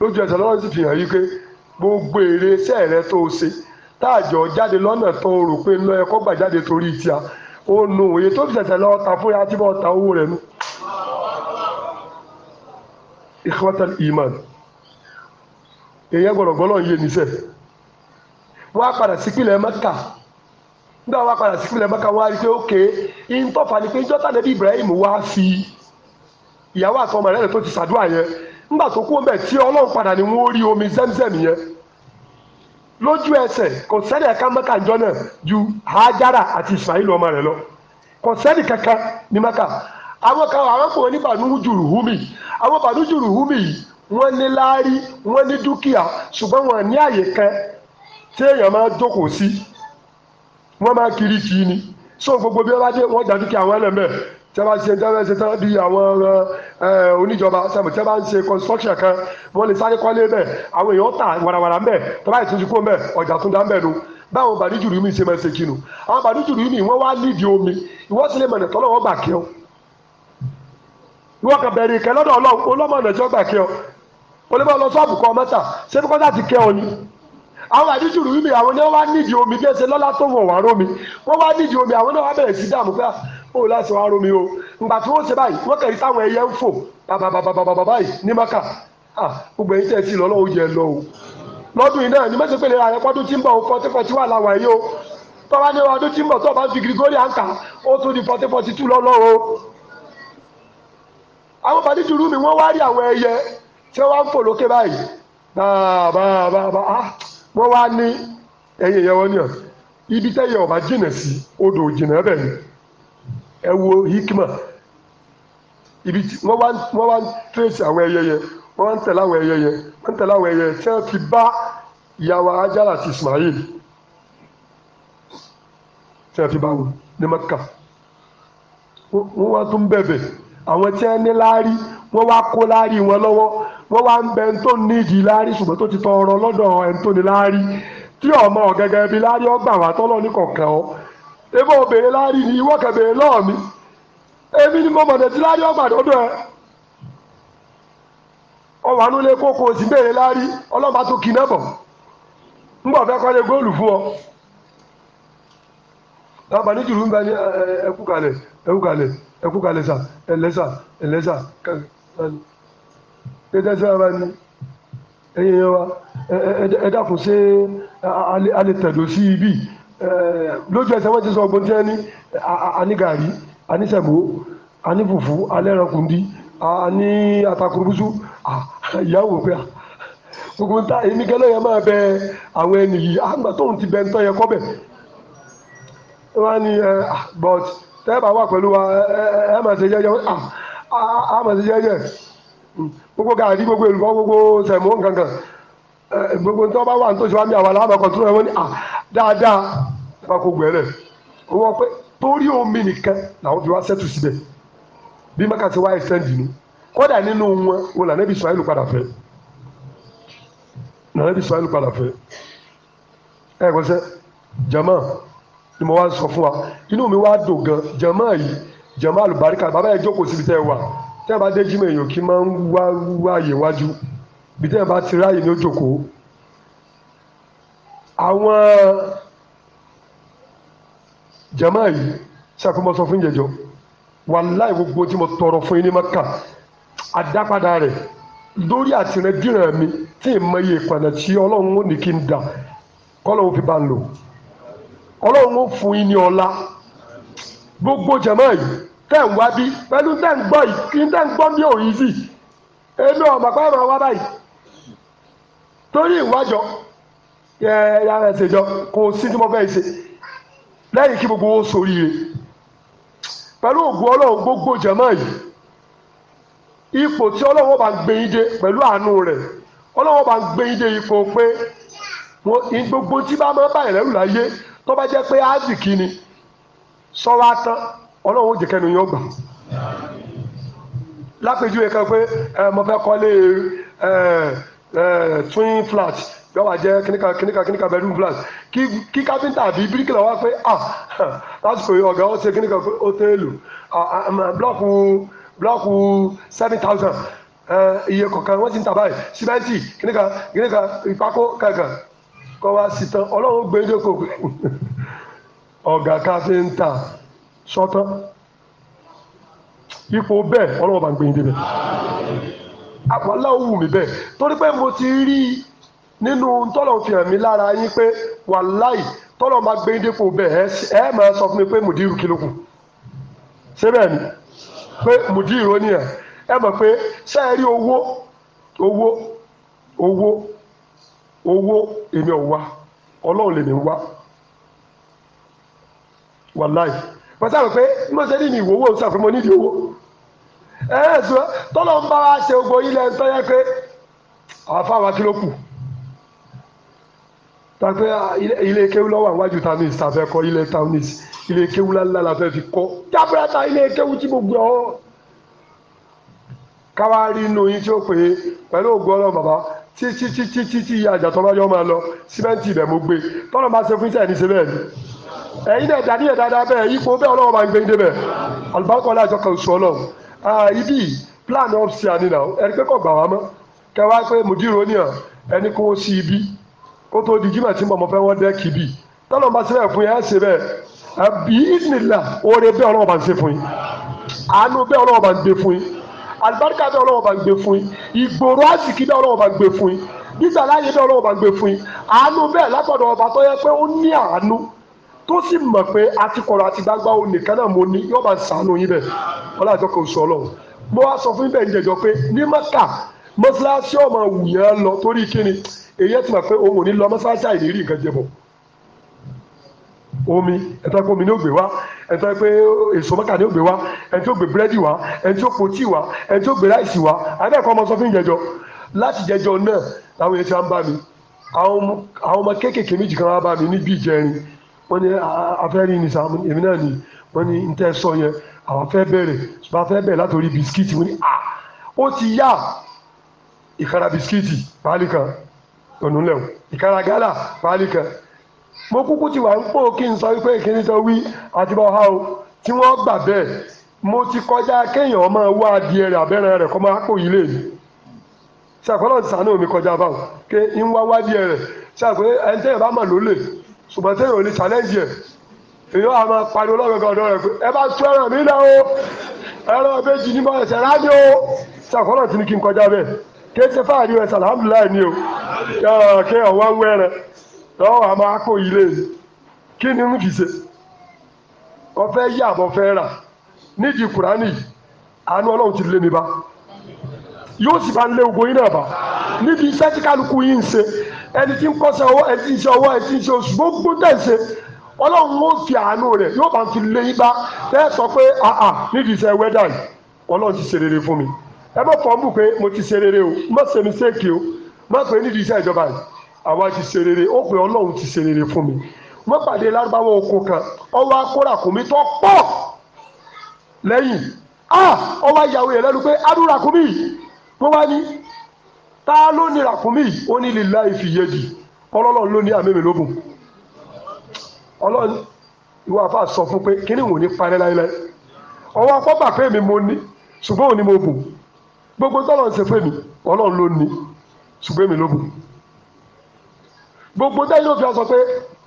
lójú ẹsẹ̀ lọ́rọ̀ sì fi hàn pé gbogbo èrè iṣẹ́ rẹ tó o ṣe táàjọ jáde lọ́nà tó o rò pé ń lọ gbà jáde torí tíya ó nu òye tó fi ṣẹ̀ṣẹ̀ ta fún ya tí wọ́n ta owó rẹ̀ nu. ikhwatal iman èèyàn gbọ́dọ̀ yé níṣẹ́ wọ́n á padà sípìlẹ̀ mẹ́ta nígbà wọ́n á padà sípìlẹ̀ mẹ́ta wọ́n á rí pé ókè ìntọ́fà ni pé jọ́tà nẹ́bí Ibrahim wá fi ìyàwó àtọmọ tó ti ṣàdúrà yẹn mba tó kú mẹ́ tí ọlọ́run padà ni wọ́n rí omi zemzem yẹn lójú ẹsẹ̀ kò ẹ̀ka mẹ́ka ìjọ ju hajara àti ismail ọmọ rẹ̀ lọ kò sẹ́ni kankan ní mẹ́ka àwọn kan àwọn kò ní bànú jùrù húmi àwọn bànú jùrù húmi yìí wọ́n ní láárí wọ́n ní dúkìá ṣùgbọ́n wọn ní àyè kan tí èèyàn máa jókòó sí wọ́n máa kiri kì í ni so gbogbo bí wọ́n bá dé wọ́n tí a bá ṣe tí a bá ṣe tán bí àwọn eh, eh, oníjọba sẹ́mu tí ṣe construction kan wọ́n lè sáré kọ́lé bẹ́ẹ̀ àwọn èèyàn tà wàràwàrà ń bẹ̀ tó bá ìtúnjú kó ń bẹ̀ ọjà tún dá ń bẹ̀ nu báwọn bàdújùrú mi ṣe máa ṣe kinu àwọn bàdújùrú mi wọ́n wá lídìí omi ìwọ́n sì lè mọ̀nà tọ́lọ́ wọn gbà kí ọ ìwọ́n kan bẹ̀rẹ̀ ìkẹ́ lọ́dọ̀ ọlọ́run olómọ̀nà tí wọ́n àwọn àdìsùrù yìí mi àwọn ni wọ́n wá nídìí omi bí ẹ ṣe tó wọ̀ wá rómi wọ́n wá nídìí omi àwọn náà wá bẹ̀rẹ̀ sí dààmú pé ó láti wá romi o ìgbà tí wọ́n ṣe báyìí wọ́n kẹ̀rí táwọn ẹyẹ ń fò bàbàbàbàbà báyìí ní maka ah, gbogbo ẹ̀yin tẹ̀ o lọ́dún yìí náà ní mẹ́sàn-án ààrẹ pọ́dún tí o forty forty one làwọn ẹ̀yẹ o tọ́ba ọdún tí ń fi grigori àǹkà ó di o. àwọn fàdíjùrú mi wọ́n wá rí àwọn ẹyẹ tí wọ́n ń fò lókè báyìí bàbàbàbà ah, wá ní ẹwọ hikima ibi tí wọ́n wá wọ́n wá ń tẹ̀sí àwọn ẹyẹ yẹn wọ́n wá ń tẹ̀lé àwọn ẹyẹ yẹn wọ́n ń tẹ̀lé àwọn ẹyẹ yẹn tí wọ́n fi bá ìyàwó Hajara àti Ismail tí wọ́n fi bá wọn ní Mẹ́kà wọ́n wá tún bẹ̀bẹ̀ àwọn tí wọ́n ní láárí wọ́n wá kó láárí wọn lọ́wọ́ wọ́n wá ń bẹ ẹni tó nídìí láárí ṣùgbọ́n tó ti tọrọ lọ́dọ̀ ẹni tó ní láárí tí ọmọ ọ̀gẹ́gẹ́ bíi láárí ọgbà wà tọ́lọ́ ní kọ̀ọ̀kan ọ́ ebe ò béèrè láàrí ni ìwọ kẹ̀ béèrè lọ́ọ̀ mi èmi ni mo mọ̀nà tí láàrí ọgbà ọdụ ọdụ ọwọ́ àánú lè kókó òsì béèrè láàrí ọ lábà ibi Eh, lójú ẹsẹ̀ wọ́n ti sọ ọgbọ́n tí a ní àní gàrí àní sẹ̀mó àní fùfú alẹ́rankundi àní atakurubusu ìyàwó pé gbogbo ta èmi yẹn máa bẹ àwọn ẹni yìí àgbà ti bẹ yẹ eh, but tẹ́ẹ̀bà wa ẹ a máa ṣe gbogbo tó bá wà ní tó ṣe wá mi àwọn aláàbà kan tó rẹ wọn ni à dáadáa bá kó gbẹrẹ wọn pé torí omi nìkan làwọn fi wá sẹ́tù síbẹ̀ bí mẹ́ka ti wá ẹsẹ̀ dìní kódà nínú wọn wọn là nẹ́bí sọ́yìlù padà fẹ́ là nẹ́bí sọ́yìlù padà fẹ́ ẹ kò sẹ́ jama ni mo wá sọ fún wa inú mi wá dùn gan jama yìí jama alùbáríkà bàbá yẹn jókòó síbi tẹ́ ẹ wà tẹ́ ẹ bá dé jí mẹ́yìn kí máa ń wá wá yẹ̀ wájú bí tẹ́yìn bá ti ráàyè ní òjòkó àwọn jama yìí ṣàkóso fún ìjẹjọ wàláì gbogbo tí mo tọrọ fún yín ní maka àdápadà rẹ̀ lórí àtìrẹ́dìrẹ́ mi tí ì mọ iye ìpàdé tí ọlọ́run ó ní kí n dà kọ́lọ́run fi bá ń lò ọlọ́run ó fún yín ní ọlá gbogbo jama yìí tẹ̀ ń wá bí pẹ̀lú tẹ̀ ń gbọ́ yìí kí n tẹ̀ ń gbọ́ ní òyìn èmi ọ̀mọ̀ pẹ́ mọ̀ wá báyìí. torí ìwájọ ẹ ẹ ẹsẹ jọ kò sí tí mo fẹ́ ṣe lẹ́yìn kí gbogbo pẹ̀lú ògùn ọlọ́run gbogbo jẹ̀mọ́ yìí ipò tí ọlọ́run gbé yín pẹ̀lú àánú rẹ̀ ọlọ́run bá gbé yín dé ipò pé gbogbo tí bá máa atán ọlọ́run ó yín lápèjúwe kan Eh, twin flats, flat yóò wá jẹ́ kíníkà kíníkà kíníkà bedroom flat kí kápẹ́ńtà àbí bíríkìlà wá pé ah lásìkò ọ̀gá ó ṣe kíníkà ó tẹ́ èlò blọ́ọ̀kù blọ́ọ̀kù seven thousand eh, iye kọ̀ọ̀kan wọ́n ti ń tà báyìí símẹ́ǹtì kíníkà kíníkà ìpákó kankan kọ́ wá sí tán ọlọ́run gbé dé e kòkó hmm, ọ̀gá káfíńtà sọ́tán ipò bẹ́ẹ̀ ọlọ́run bá ń gbé yín débẹ̀. àpọ̀lá ó wù mí bẹ́ẹ̀ torí pé mo ti rí i nínú tọ́lọ̀ fi hàn mí lára yín pé tọ́lọ̀ máa gbé dépò bẹ́ẹ̀ ẹ máa sọ fún mi pé mùdírù kí kù ṣé ni pé mùdírù ó nìyẹn ẹ mọ̀ pé ṣé ẹ rí owó owó owó owó èmi ò wá ọlọ́run lèmi ń wá pàṣẹ pé mo ṣe ní ìwòwò ṣàfihàn owó. ẹ̀ẹ́dùn tọ́lọ́ ń bá wa ṣe gbogbo ilẹ̀ ń tọ́yẹ pé àwọn fáwọn kí ló kù tàbí ilé kéwú lọ́wọ́ àwájú ta ní ìsàfẹ́ kọ́ ilé taunis ilé kéwú lálá la fẹ́ fi kọ́ jábúrẹ́ta ilé kéwú tí mo gbọ́ ọ́ káwá rí inú yín tí ó pè é pẹ̀lú ògùn ọlọ́run bàbá tí tí tí tí tí tí ìyá àjàtọ̀ bá yọ máa lọ símẹ́ǹtì ibẹ̀ mo gbé tọ́lọ́ máa ṣe fún iṣẹ́ ní síbẹ̀ ni ẹ̀yin náà dàníyàn dáadáa bẹ́ẹ̀ ipò bẹ́ẹ̀ ọlọ́run máa ń gbé débẹ̀ àlùbákọ́lá àjọkọ̀ Ah, ibi yìí plan opsia ni náà ẹni pé kò gbà wá mọ́ kẹwàá pé mùdírò ni hàn ẹni kò sí ibi kó tó di jimá tí mo fẹ́ wọ́n dẹ́kì bí tọ́lọ́ bá sílẹ̀ fún yẹn ẹ ṣe bẹ́ẹ̀ àbí ìdìlá oore bẹ́ẹ̀ ọlọ́wọ́ bá ń ṣe fún yín àánú bẹ́ẹ̀ ọlọ́wọ́ bá ń gbé fún yín àlùbáríkà bẹ́ẹ̀ ọlọ́wọ́ bá ń gbé fún yín ìgbòrò àsìkí bẹ́ẹ̀ ọlọ́wọ́ bá ń gbé fún yín gbígbà láàyè bẹ́ẹ̀ ọlọ́wọ́ bá ń gbé fún yín àánú bẹ́ẹ̀ lápọ̀dọ̀ ọba tó yẹ pé ó ní àánú tó sì mọ̀ pé atikọ̀rọ̀ àti gbagba o nìkan náà mo ní yóò máa sànú yín bẹ̀ wọ́n láti ọkọ̀ oṣù ọlọ́run mo wá sọ fún bẹ́ẹ̀ jẹjọ pé ní mọ́kà mọ́ṣáláṣí ọmọ wùyàn lọ torí kíni èyí ti mọ̀ pé òun ò ní lọ mọ́ṣáláṣí àìlérí nǹkan jẹ bọ̀ omi ẹ̀tọ́ pé omi ní ògbé wá ẹ̀tọ́ pé èso mọ́kà ní ògbé wá ẹni tí ó gbé búrẹ́dì wá ẹni tí ó po tíì wá ẹni tí ó gbé ráìsì wá àbẹ́ẹ̀kọ́ ọmọ sọ fún ìjẹjọ láti jẹjọ náà làwọn èèyàn ti wá ń bá mi àwọn ọmọ kéékèèké méjì kan wá bá mi níbi ìjẹrin wọ́n ní afẹ́rí ní sàmú èmi náà ni wọ́n ní ntẹ́ sọ yẹn àwọn fẹ́ bẹ̀rẹ̀ ṣùgbọ́n afẹ́ bẹ̀rẹ̀ látòrí bisikíìtì wọ́n ní à ó ti yá ìkara bisikíìtì pálí kan ọ̀nùlẹ̀ ìkara gálà pálí kan mo kúkú ti wà ń pò kí n sọ wípé kíní sọ wí àti bọ́ ha o tí wọ́n gbà bẹ́ẹ̀ mo ti kọjá kéèyàn máa wá adìẹ rẹ̀ abẹ́rẹ́ rẹ̀ kọ́ máa pò yí lè ní ṣàkólọ́ mi kọjá báwọn ké ń wá wá adìẹ rẹ̀ ṣàkólọ́ ẹni tẹ́yìn bá mà lólè ṣùgbọ́n sẹ́yìn ò lè challenge ẹ̀ èyí wà máa pariwo lọ́gọ̀gọ̀ ọ̀dọ́ rẹ̀ pé ẹ bá tú ẹran mi náà o ẹran méjì ní bọ́ọ̀lù o ṣàkọ́nà tí ni kí n kọjá bẹ́ẹ̀ ni o kí ọ̀wá ń lọ́wọ́ ilé kí ni ṣe rà nídìí kùránì àánú ọlọ́run ti lé mi bá yóò sì bá náà bá níbi iṣẹ́ tí ẹni tí ń kọ́sẹ̀ ọwọ́ ẹni tí ń ṣe ọwọ́ ẹni tí ń ṣe oṣù gbogbo tẹ̀sẹ̀ ọlọ́run ó fi àánú rẹ̀ yóò bá fi lé yín bá ẹ sọ pé àà nídìí iṣẹ́ wẹ́dà yìí ọlọ́run ti ṣe rere fún mi ẹ bá fọ́ mú pé mo ti ṣe rere o má ṣe mi séèkì o má pé nídìí iṣẹ́ ìjọba yìí àwa ti ṣe rere ó pé ọlọ́run ti ṣe rere fún mi mo pàdé lárúbáwọ̀ oko kan ọwọ́ akórakùnmí tó pọ̀ lẹ́yìn ọwọ́ ìyàwó yẹn lẹ́nu pé adúrakùnmí mo wá ní ta ló ní ràkúnmí yìí ó ní lílá ìfìyèdì ọlọ́run ló ní àmẹ́mi lógún ọlọ́run ìwọ àfa sọ fún pé kíní wò ní parẹ́ láyéláyé ọwọ́ akọ́gbà pé mi mo ní ṣùgbọ́n òní mo bùn gbogbo tọ́lọ̀ ń ṣe fún mi ọlọ́run ló ní ṣùgbọ́n èmi ló bùn gbogbo tẹ́lẹ̀ ló fi ọ sọ pé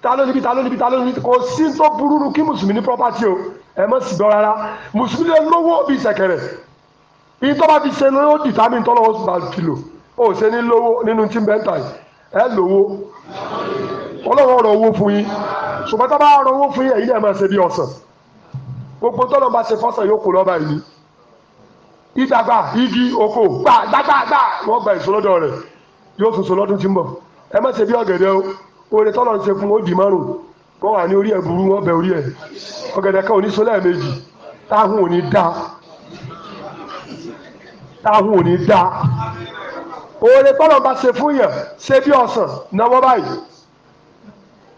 ta ló níbi ta ló níbi ta ló níbi kò sí tó burú nu kí mùsùlùmí ní property o ẹ mọ̀ sí dán rárá mùsùlùmí lè lówó bíi ṣẹ̀kẹ̀rẹ̀ ìtọ́ bá fi ṣe ló dìtámì tọ́lọ́wọ́ bá fi lò o ṣe ní lówó nínú tí ń bẹ́ tà yìí lówó ọlọ́run ọ̀rọ̀ owó fún yín ṣùgbọ́n tá ọ̀rọ̀ owó fún yín náà máa ṣe bí gbogbo tọ́lọ́ bá ṣe yóò kó igi oko gbà gbàgbà wọ́n gba èso rẹ̀ yóò tún so tí ń bọ̀ ẹ má ṣe bí ọ̀gẹ̀dẹ̀ o oore tọ́lọ̀ ń ṣe fún ó di oore tọ́lọ̀ bá ṣe fún yàn ṣe bí ọ̀sán náwó báyìí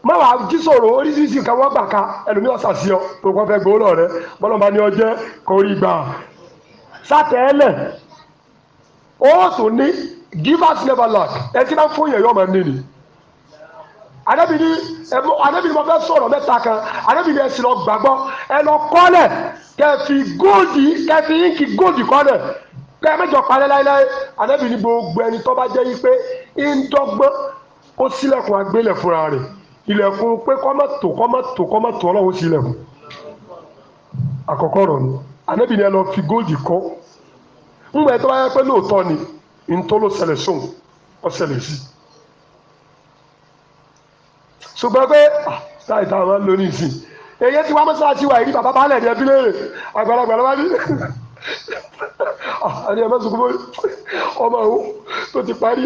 má wàá jí sọ̀rọ̀ oríṣiríṣi nǹkan wọ́n gbà ká ẹlòmíì ọ̀sà sí ọ tó kọ́ fẹ́ gbowó lọ rẹ bọ́lá bá ní ọjẹ́ kò rí gbà sátẹ́ẹ̀lẹ̀ ó tún ní givers never lack ẹ ti náà fún yẹn yọ ọmọ nínú adébìnrin ẹmu adébìnrin mo fẹ́ sọ̀rọ̀ mẹ́ta kan adébìnrin ẹsìn lọ gbàgbọ́ ẹ lọ kọ́lẹ̀ kẹfì góòdì kẹfì ínkì góòdì kọ́lẹ̀ kẹ́ ẹ mẹ́jọ parẹ́ láéláé ànábì ní gbogbo ẹni tó bá jẹ́ yí pé ń dọ́gbọ́n ó sílẹ̀kùn agbélẹ̀ fúnra rẹ̀ ilẹ̀kùn pé kọ́mọ̀tò kọ́mọ̀tò kọ́mọ̀tò ọlọ́run sílẹ̀kùn àkọ́kọ́ rọ̀ ni ànábì ní ẹ fi góòdì kọ́ ńgbà tó bá yẹ pé lóòótọ́ ni ntolo ṣẹlẹ̀ sóhun ọ̀ṣẹlẹ̀ sí ṣùgbọ́n pé táyì táwọn máa ń lò ní ìsìn èyí tí wọ́n mọ́ Ah, àní ẹ má sọ fún ọmọ òun tó ti parí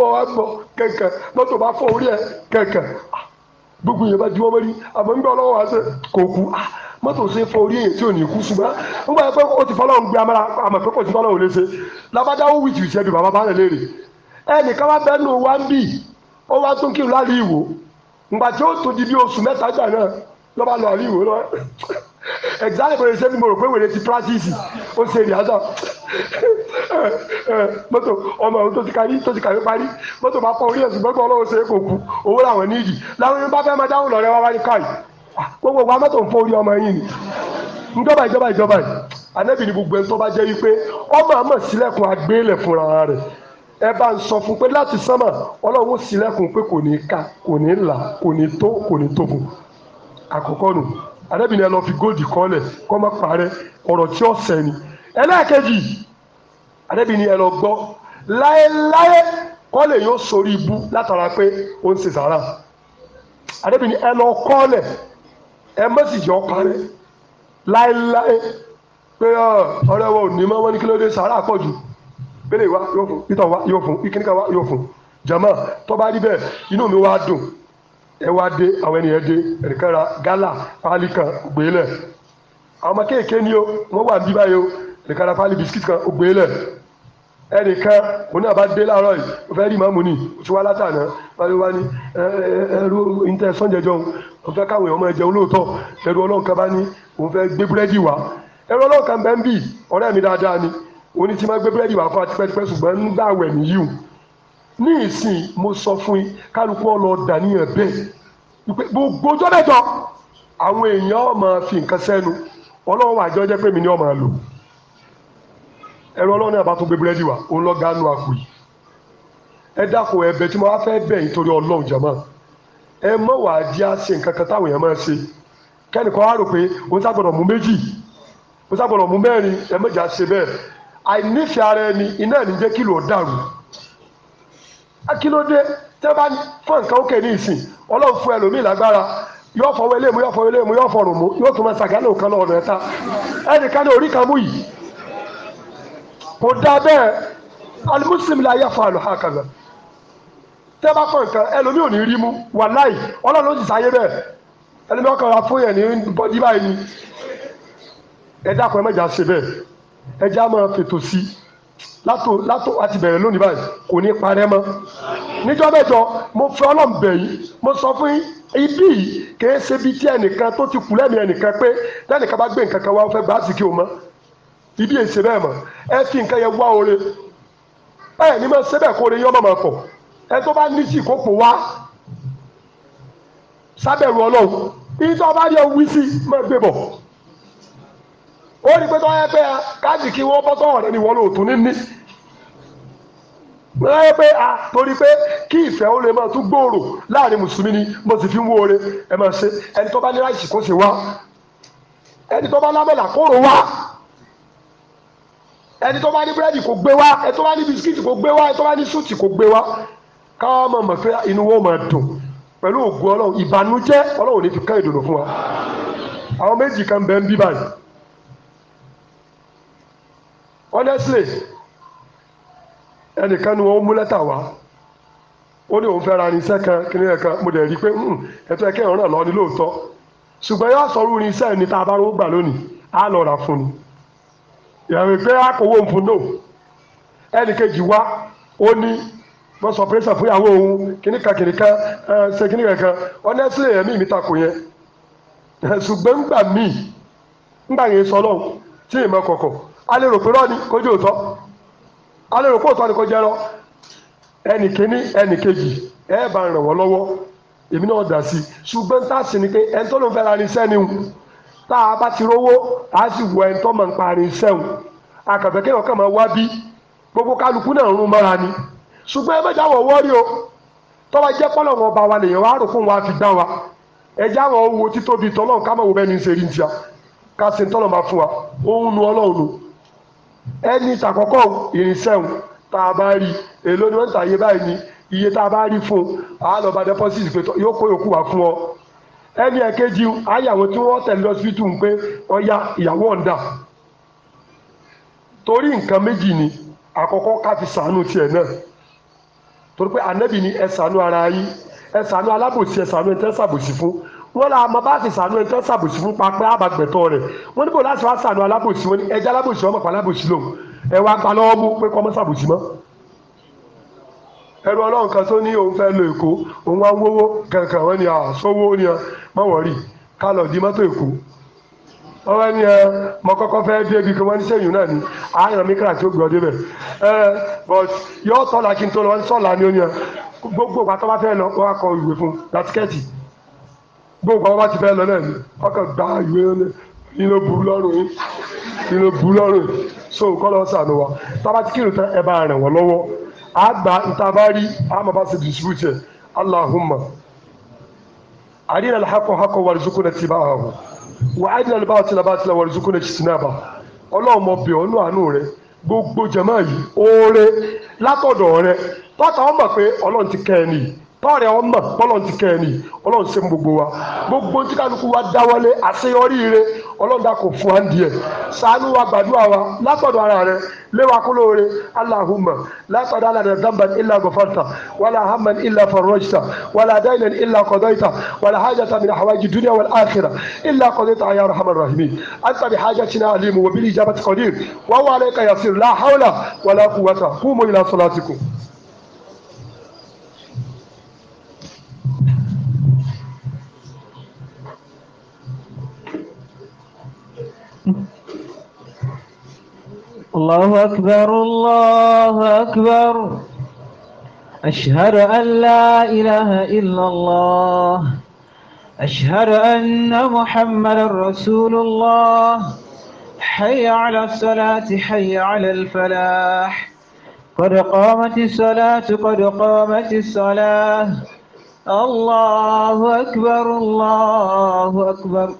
ọwọ́ àgbọ̀ kankan bá fọ orí ẹ̀ ah, gbogbo yẹn bá juwọ́ mọ́rí àmọ́ ń gbọ́ ọlọ́wọ́ wá sí kò kú ah, mọ́tò fọ orí tí ò ní kú ń pé ti gbé amára àmọ́ pé kò ti bàbá bá léèrè wá bẹ́ẹ̀ nù wá ń bì ó wá tún kí n ìwò ǹgbà tí ó tó di bí oṣù mẹ́ta ló bá lọ rí ìwé lọ exactly bó ṣe ṣe ni mo rò pé wèrè ti practice ó ṣe ìyáṣọ mọ́tò ọmọ òun tó ti kàwé tó ti kàwé parí mọ́tò bá pọ̀ orí ẹ̀sùn gbọ́gbọ́ ọlọ́wọ́ ṣe é kò kú owó làwọn níyì làwọn yóò bá fẹ́ máa dáhùn lọ́rẹ́ wá wá ní káyì gbogbo wa mọ́tò ń fọ́ orí ọmọ yìí ni ìjọba ìjọba ìjọba yìí anẹ́bì ni gbogbo ẹni tó bá jẹ́ wípé ọmọ àmọ̀ sílẹ̀kùn agbélẹ̀ fúnra rẹ̀ ẹ bá ń sọ fún pé láti sánmà ọlọ́run ó pé kò ní ká kò ní là kò ní tó kò ní tóbu àkọ́kọ́ nù arábìnrin ẹ lọ fi góòdì kọ́lẹ̀ kọ́ má parẹ́ ọ̀rọ̀ tí ó sẹ́ ni ẹlẹ́ẹ̀kejì arábìnrin ẹ lọ gbọ́ láéláé kọ́lẹ̀ yóò sórí ibú látara pé ó ń ṣe sàrà ẹ lọ kọ́lẹ̀ ẹ mẹ́sìgì ọ láéláé pé ah, ọ̀rẹ́ wọn ò ní mọ́ wọn ní jama bá rí bẹ́ẹ̀ inú mi ẹ wá dé àwọn ènìyàn dé ẹnìkan ra gálà pálí kan ògbé e lẹ̀ àwọn ọmọ kéèké ni o wọ́n wà níbí báyìí o ẹnìkan ra pálí bisikíìtì kan ògbé e ẹnìkan òun náà bá dé láàárọ̀ yìí ó fẹ́ rí màmú ni ó ti wá látàná báyìí wá ní ẹrú ìtẹ sọ́njẹjọ òun fẹ́ káwọn èèyàn máa jẹun lóòótọ́ ẹrú ọlọ́ọ̀kan bá ní òun fẹ́ gbé búrẹ́dì wá ẹrú ọlọ́ọ̀kan bẹ́ẹ̀ ń bì ọ̀rẹ́ mi dáadáa ni òun ti máa gbé búrẹ́dì wá fún ní ìsìn mo sọ fún yín kálukú ọlọ dàníyàn bẹ́ẹ̀ wípé gbogbo ọjọ́ mẹ́jọ àwọn èèyàn ọmọ fi nǹkan sẹ́nu ọlọ́run àjọ jẹ́ pé mi ní ọmọ lò ẹ̀rọ ọlọ́run náà bá gbé búrẹ́dì wa òun lọ àpò yìí ẹ dákun ẹ̀bẹ̀ tí mo wá ẹ mọ̀ wá di àṣẹ nǹkan kan táwọn èèyàn máa ṣe wá rò pé mú méjì mú ẹ ara ẹni iná akilode tẹ́ bá fọ́ nǹkan òkè ní ìsìn ọlọ́run fún ẹlòmíì lágbára yóò fọwọ́ eléyìí mú yóò fọwọ́ eléyìí mú yóò fọrùn mú yóò tún máa ṣàgánà òkan lọ́wọ́ rẹ̀ ta ẹnìkan ní orí kan mú yìí kò dá bẹ́ẹ̀ la yẹ fọ àlùhà kan lọ bá fọ nǹkan ẹlòmíì ò ní rí mú wàláì ọlọ́run ló sì sáyé bẹ́ẹ̀ ẹlòmíì ni ẹ dákun ẹ mẹ́jà ṣe ẹ já máa fètò látò látò àti bẹ̀rẹ̀ lónìí báyìí kò ní parẹ́ mọ́ níjọ́ mẹ́jọ mo fẹ́ ọlọ́run bẹ̀ yìí mo sọ fún ibi yìí kì í ṣe ibi tí ẹnìkan tó ti kú lẹ́mìí ẹnìkan pé lẹ́nìkan bá gbé nǹkan kan wá fẹ́ gbà á sì kí o mọ́ ibi yìí ṣe bẹ́ẹ̀ mọ́ ẹ fi nǹkan yẹn wá oore ẹ ní ma ṣe bẹ́ẹ̀ kó oore yẹn ọmọ máa pọ̀ ẹ tó bá ní sí ìkókò wá sábẹ̀rù ọlọ́run ìjọba yẹ wí sí máa gbé bọ̀ ó rí pé tó yẹ pé káàdì kí wọ́n bọ́ sọ́wọ́n rẹ ni wọ́n lò tún mo ráyè pé a torí pé kí ìfẹ́ ó lè máa tún gbòòrò láàrin mùsùlùmí ni mo sì fi ń wo oore ẹ máa ṣe ẹni tó bá ní láìsí kó ṣe wá ẹni tó bá lábẹ́là kó rò wá ẹni tó bá ní búrẹ́dì kó gbé wá ẹni tó bá ní bisikíìtì kó gbé wá ẹni tó bá ní súùtì kó gbé wá káwọn máa mọ̀ pé inú wọn máa dùn pẹ̀lú ògùn ọlọ́run ìbànújẹ́ ọlọ́run ò ní fi ká ìdùnnú fún wa àwọn méjì kan bẹ́ẹ̀ ń bí báyìí. honestly ẹnìkan ni wọn mú lẹ́tà wá ó ní òun fẹ́ ra irinṣẹ́ kan kìnìún ẹ̀kan rí i pé ẹ̀tọ́ ẹ̀kẹ́ ìrànlọ́ lọ ní lóòótọ́ ṣùgbọ́n yóò sọ irú irinṣẹ́ ẹni tá a bá gbà lónìí á lọ rà fún ìyàwó pé a kò wó náà ẹnì kejì wá ó ní wọ́n sọ pé sàfún ìyàwó òun ṣe kan honestly ẹ̀mí mi ta kò yẹn ṣùgbọ́n ńgbà míì ńgbà yẹn sọ tí ì a lè rò pé rọ́ọ̀ni kó a ni kó jẹ́ ẹnì kíní ẹnì kejì ẹ bá ń ràn wọ́n lọ́wọ́ èmi náà dà sí ṣùgbọ́n tá a sì ni pé ẹni tó ló ń fẹ́ tá a bá ti rówó a sì wọ ẹni tó máa ń parin gbogbo kálukú náà ń rún mọ́ra ni ṣùgbọ́n ẹ o tọ́wọ́ jẹ́ pọ́lọ̀ wọn bá wa lèèyàn wá rò fún wa fi dá wa títóbi ká bẹ́ẹ̀ ni ṣe ẹni tàkọ́kọ́ irinṣẹ́ òun tá a bá rí èló ni wọ́n ń tàyè báyìí ni iye tá a bá rí fún un àá lọ bá deposit pé yóò kó yòókù wá fún ọ ẹni ẹ̀kejì àyàwó tí wọ́n tẹ̀lé lọ́sibítù ń pé ọya ìyàwó ọ̀ǹda torí nǹkan méjì ni àkọ́kọ́ ká fi sànú tiẹ̀ náà torí pé ànábì ni ẹ sànú ara yín ẹ sànú alábòsí ẹ sànú ẹ tẹ́ sàbòsí fún wọ́n la àmọ́ bá sì sànú ẹjọ́ sàbòsí fún pápẹ́ àbàgbẹ̀tọ́ rẹ̀ wọ́n níbo láti wá sànú alábòsí wọn ni ẹjẹ́ alábòsí wọn mọ̀pá alábòsí lòun ẹ wá pé sàbòsí gbogbo àwọn bá ti fẹ́ lọ náà ni ọkàn gba ìwé yín ló burú so kọ́ lọ́ sànù wa tába tí tán ẹ bá lọ́wọ́ á gba ìtabárí á máa bá ṣe distribute Allahumma arina alhaqa haqqan wa àánú rẹ gbogbo yìí látọ̀dọ̀ rẹ tọ́ta pé ọlọ́run ti kẹ́ ẹ tọ́ọ̀rẹ́ ọmọ tọ́lọ̀ ti kẹ́ ẹ nìyí ọlọ́run ṣe ń gbogbo wa gbogbo tí kálukú wa dáwọ́lé àṣeyọrí rẹ ọlọ́run dàkọ̀ fún wa ń di ẹ̀ ṣàánú wa gbàdúrà wa látọ̀dọ̀ ara rẹ léwa kó lóore aláhùmà látọ̀dọ̀ ara rẹ dánban ilà gọfàtà wàlà hamman ilà farajta wàlà dainan ilà qadaita wàlà hajata min hawaji dunya wal akhirah ilà qadaita ya arhamar rahimin الله أكبر الله أكبر أشهد أن لا إله إلا الله أشهد أن محمد رسول الله حي على الصلاة حي على الفلاح قد قامت الصلاة قد قامت الصلاة الله أكبر الله أكبر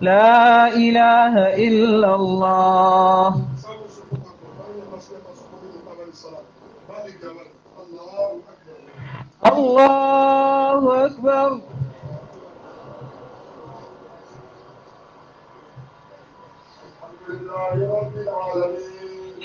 لا إله إلا الله الله أكبر الحمد لله رب العالمين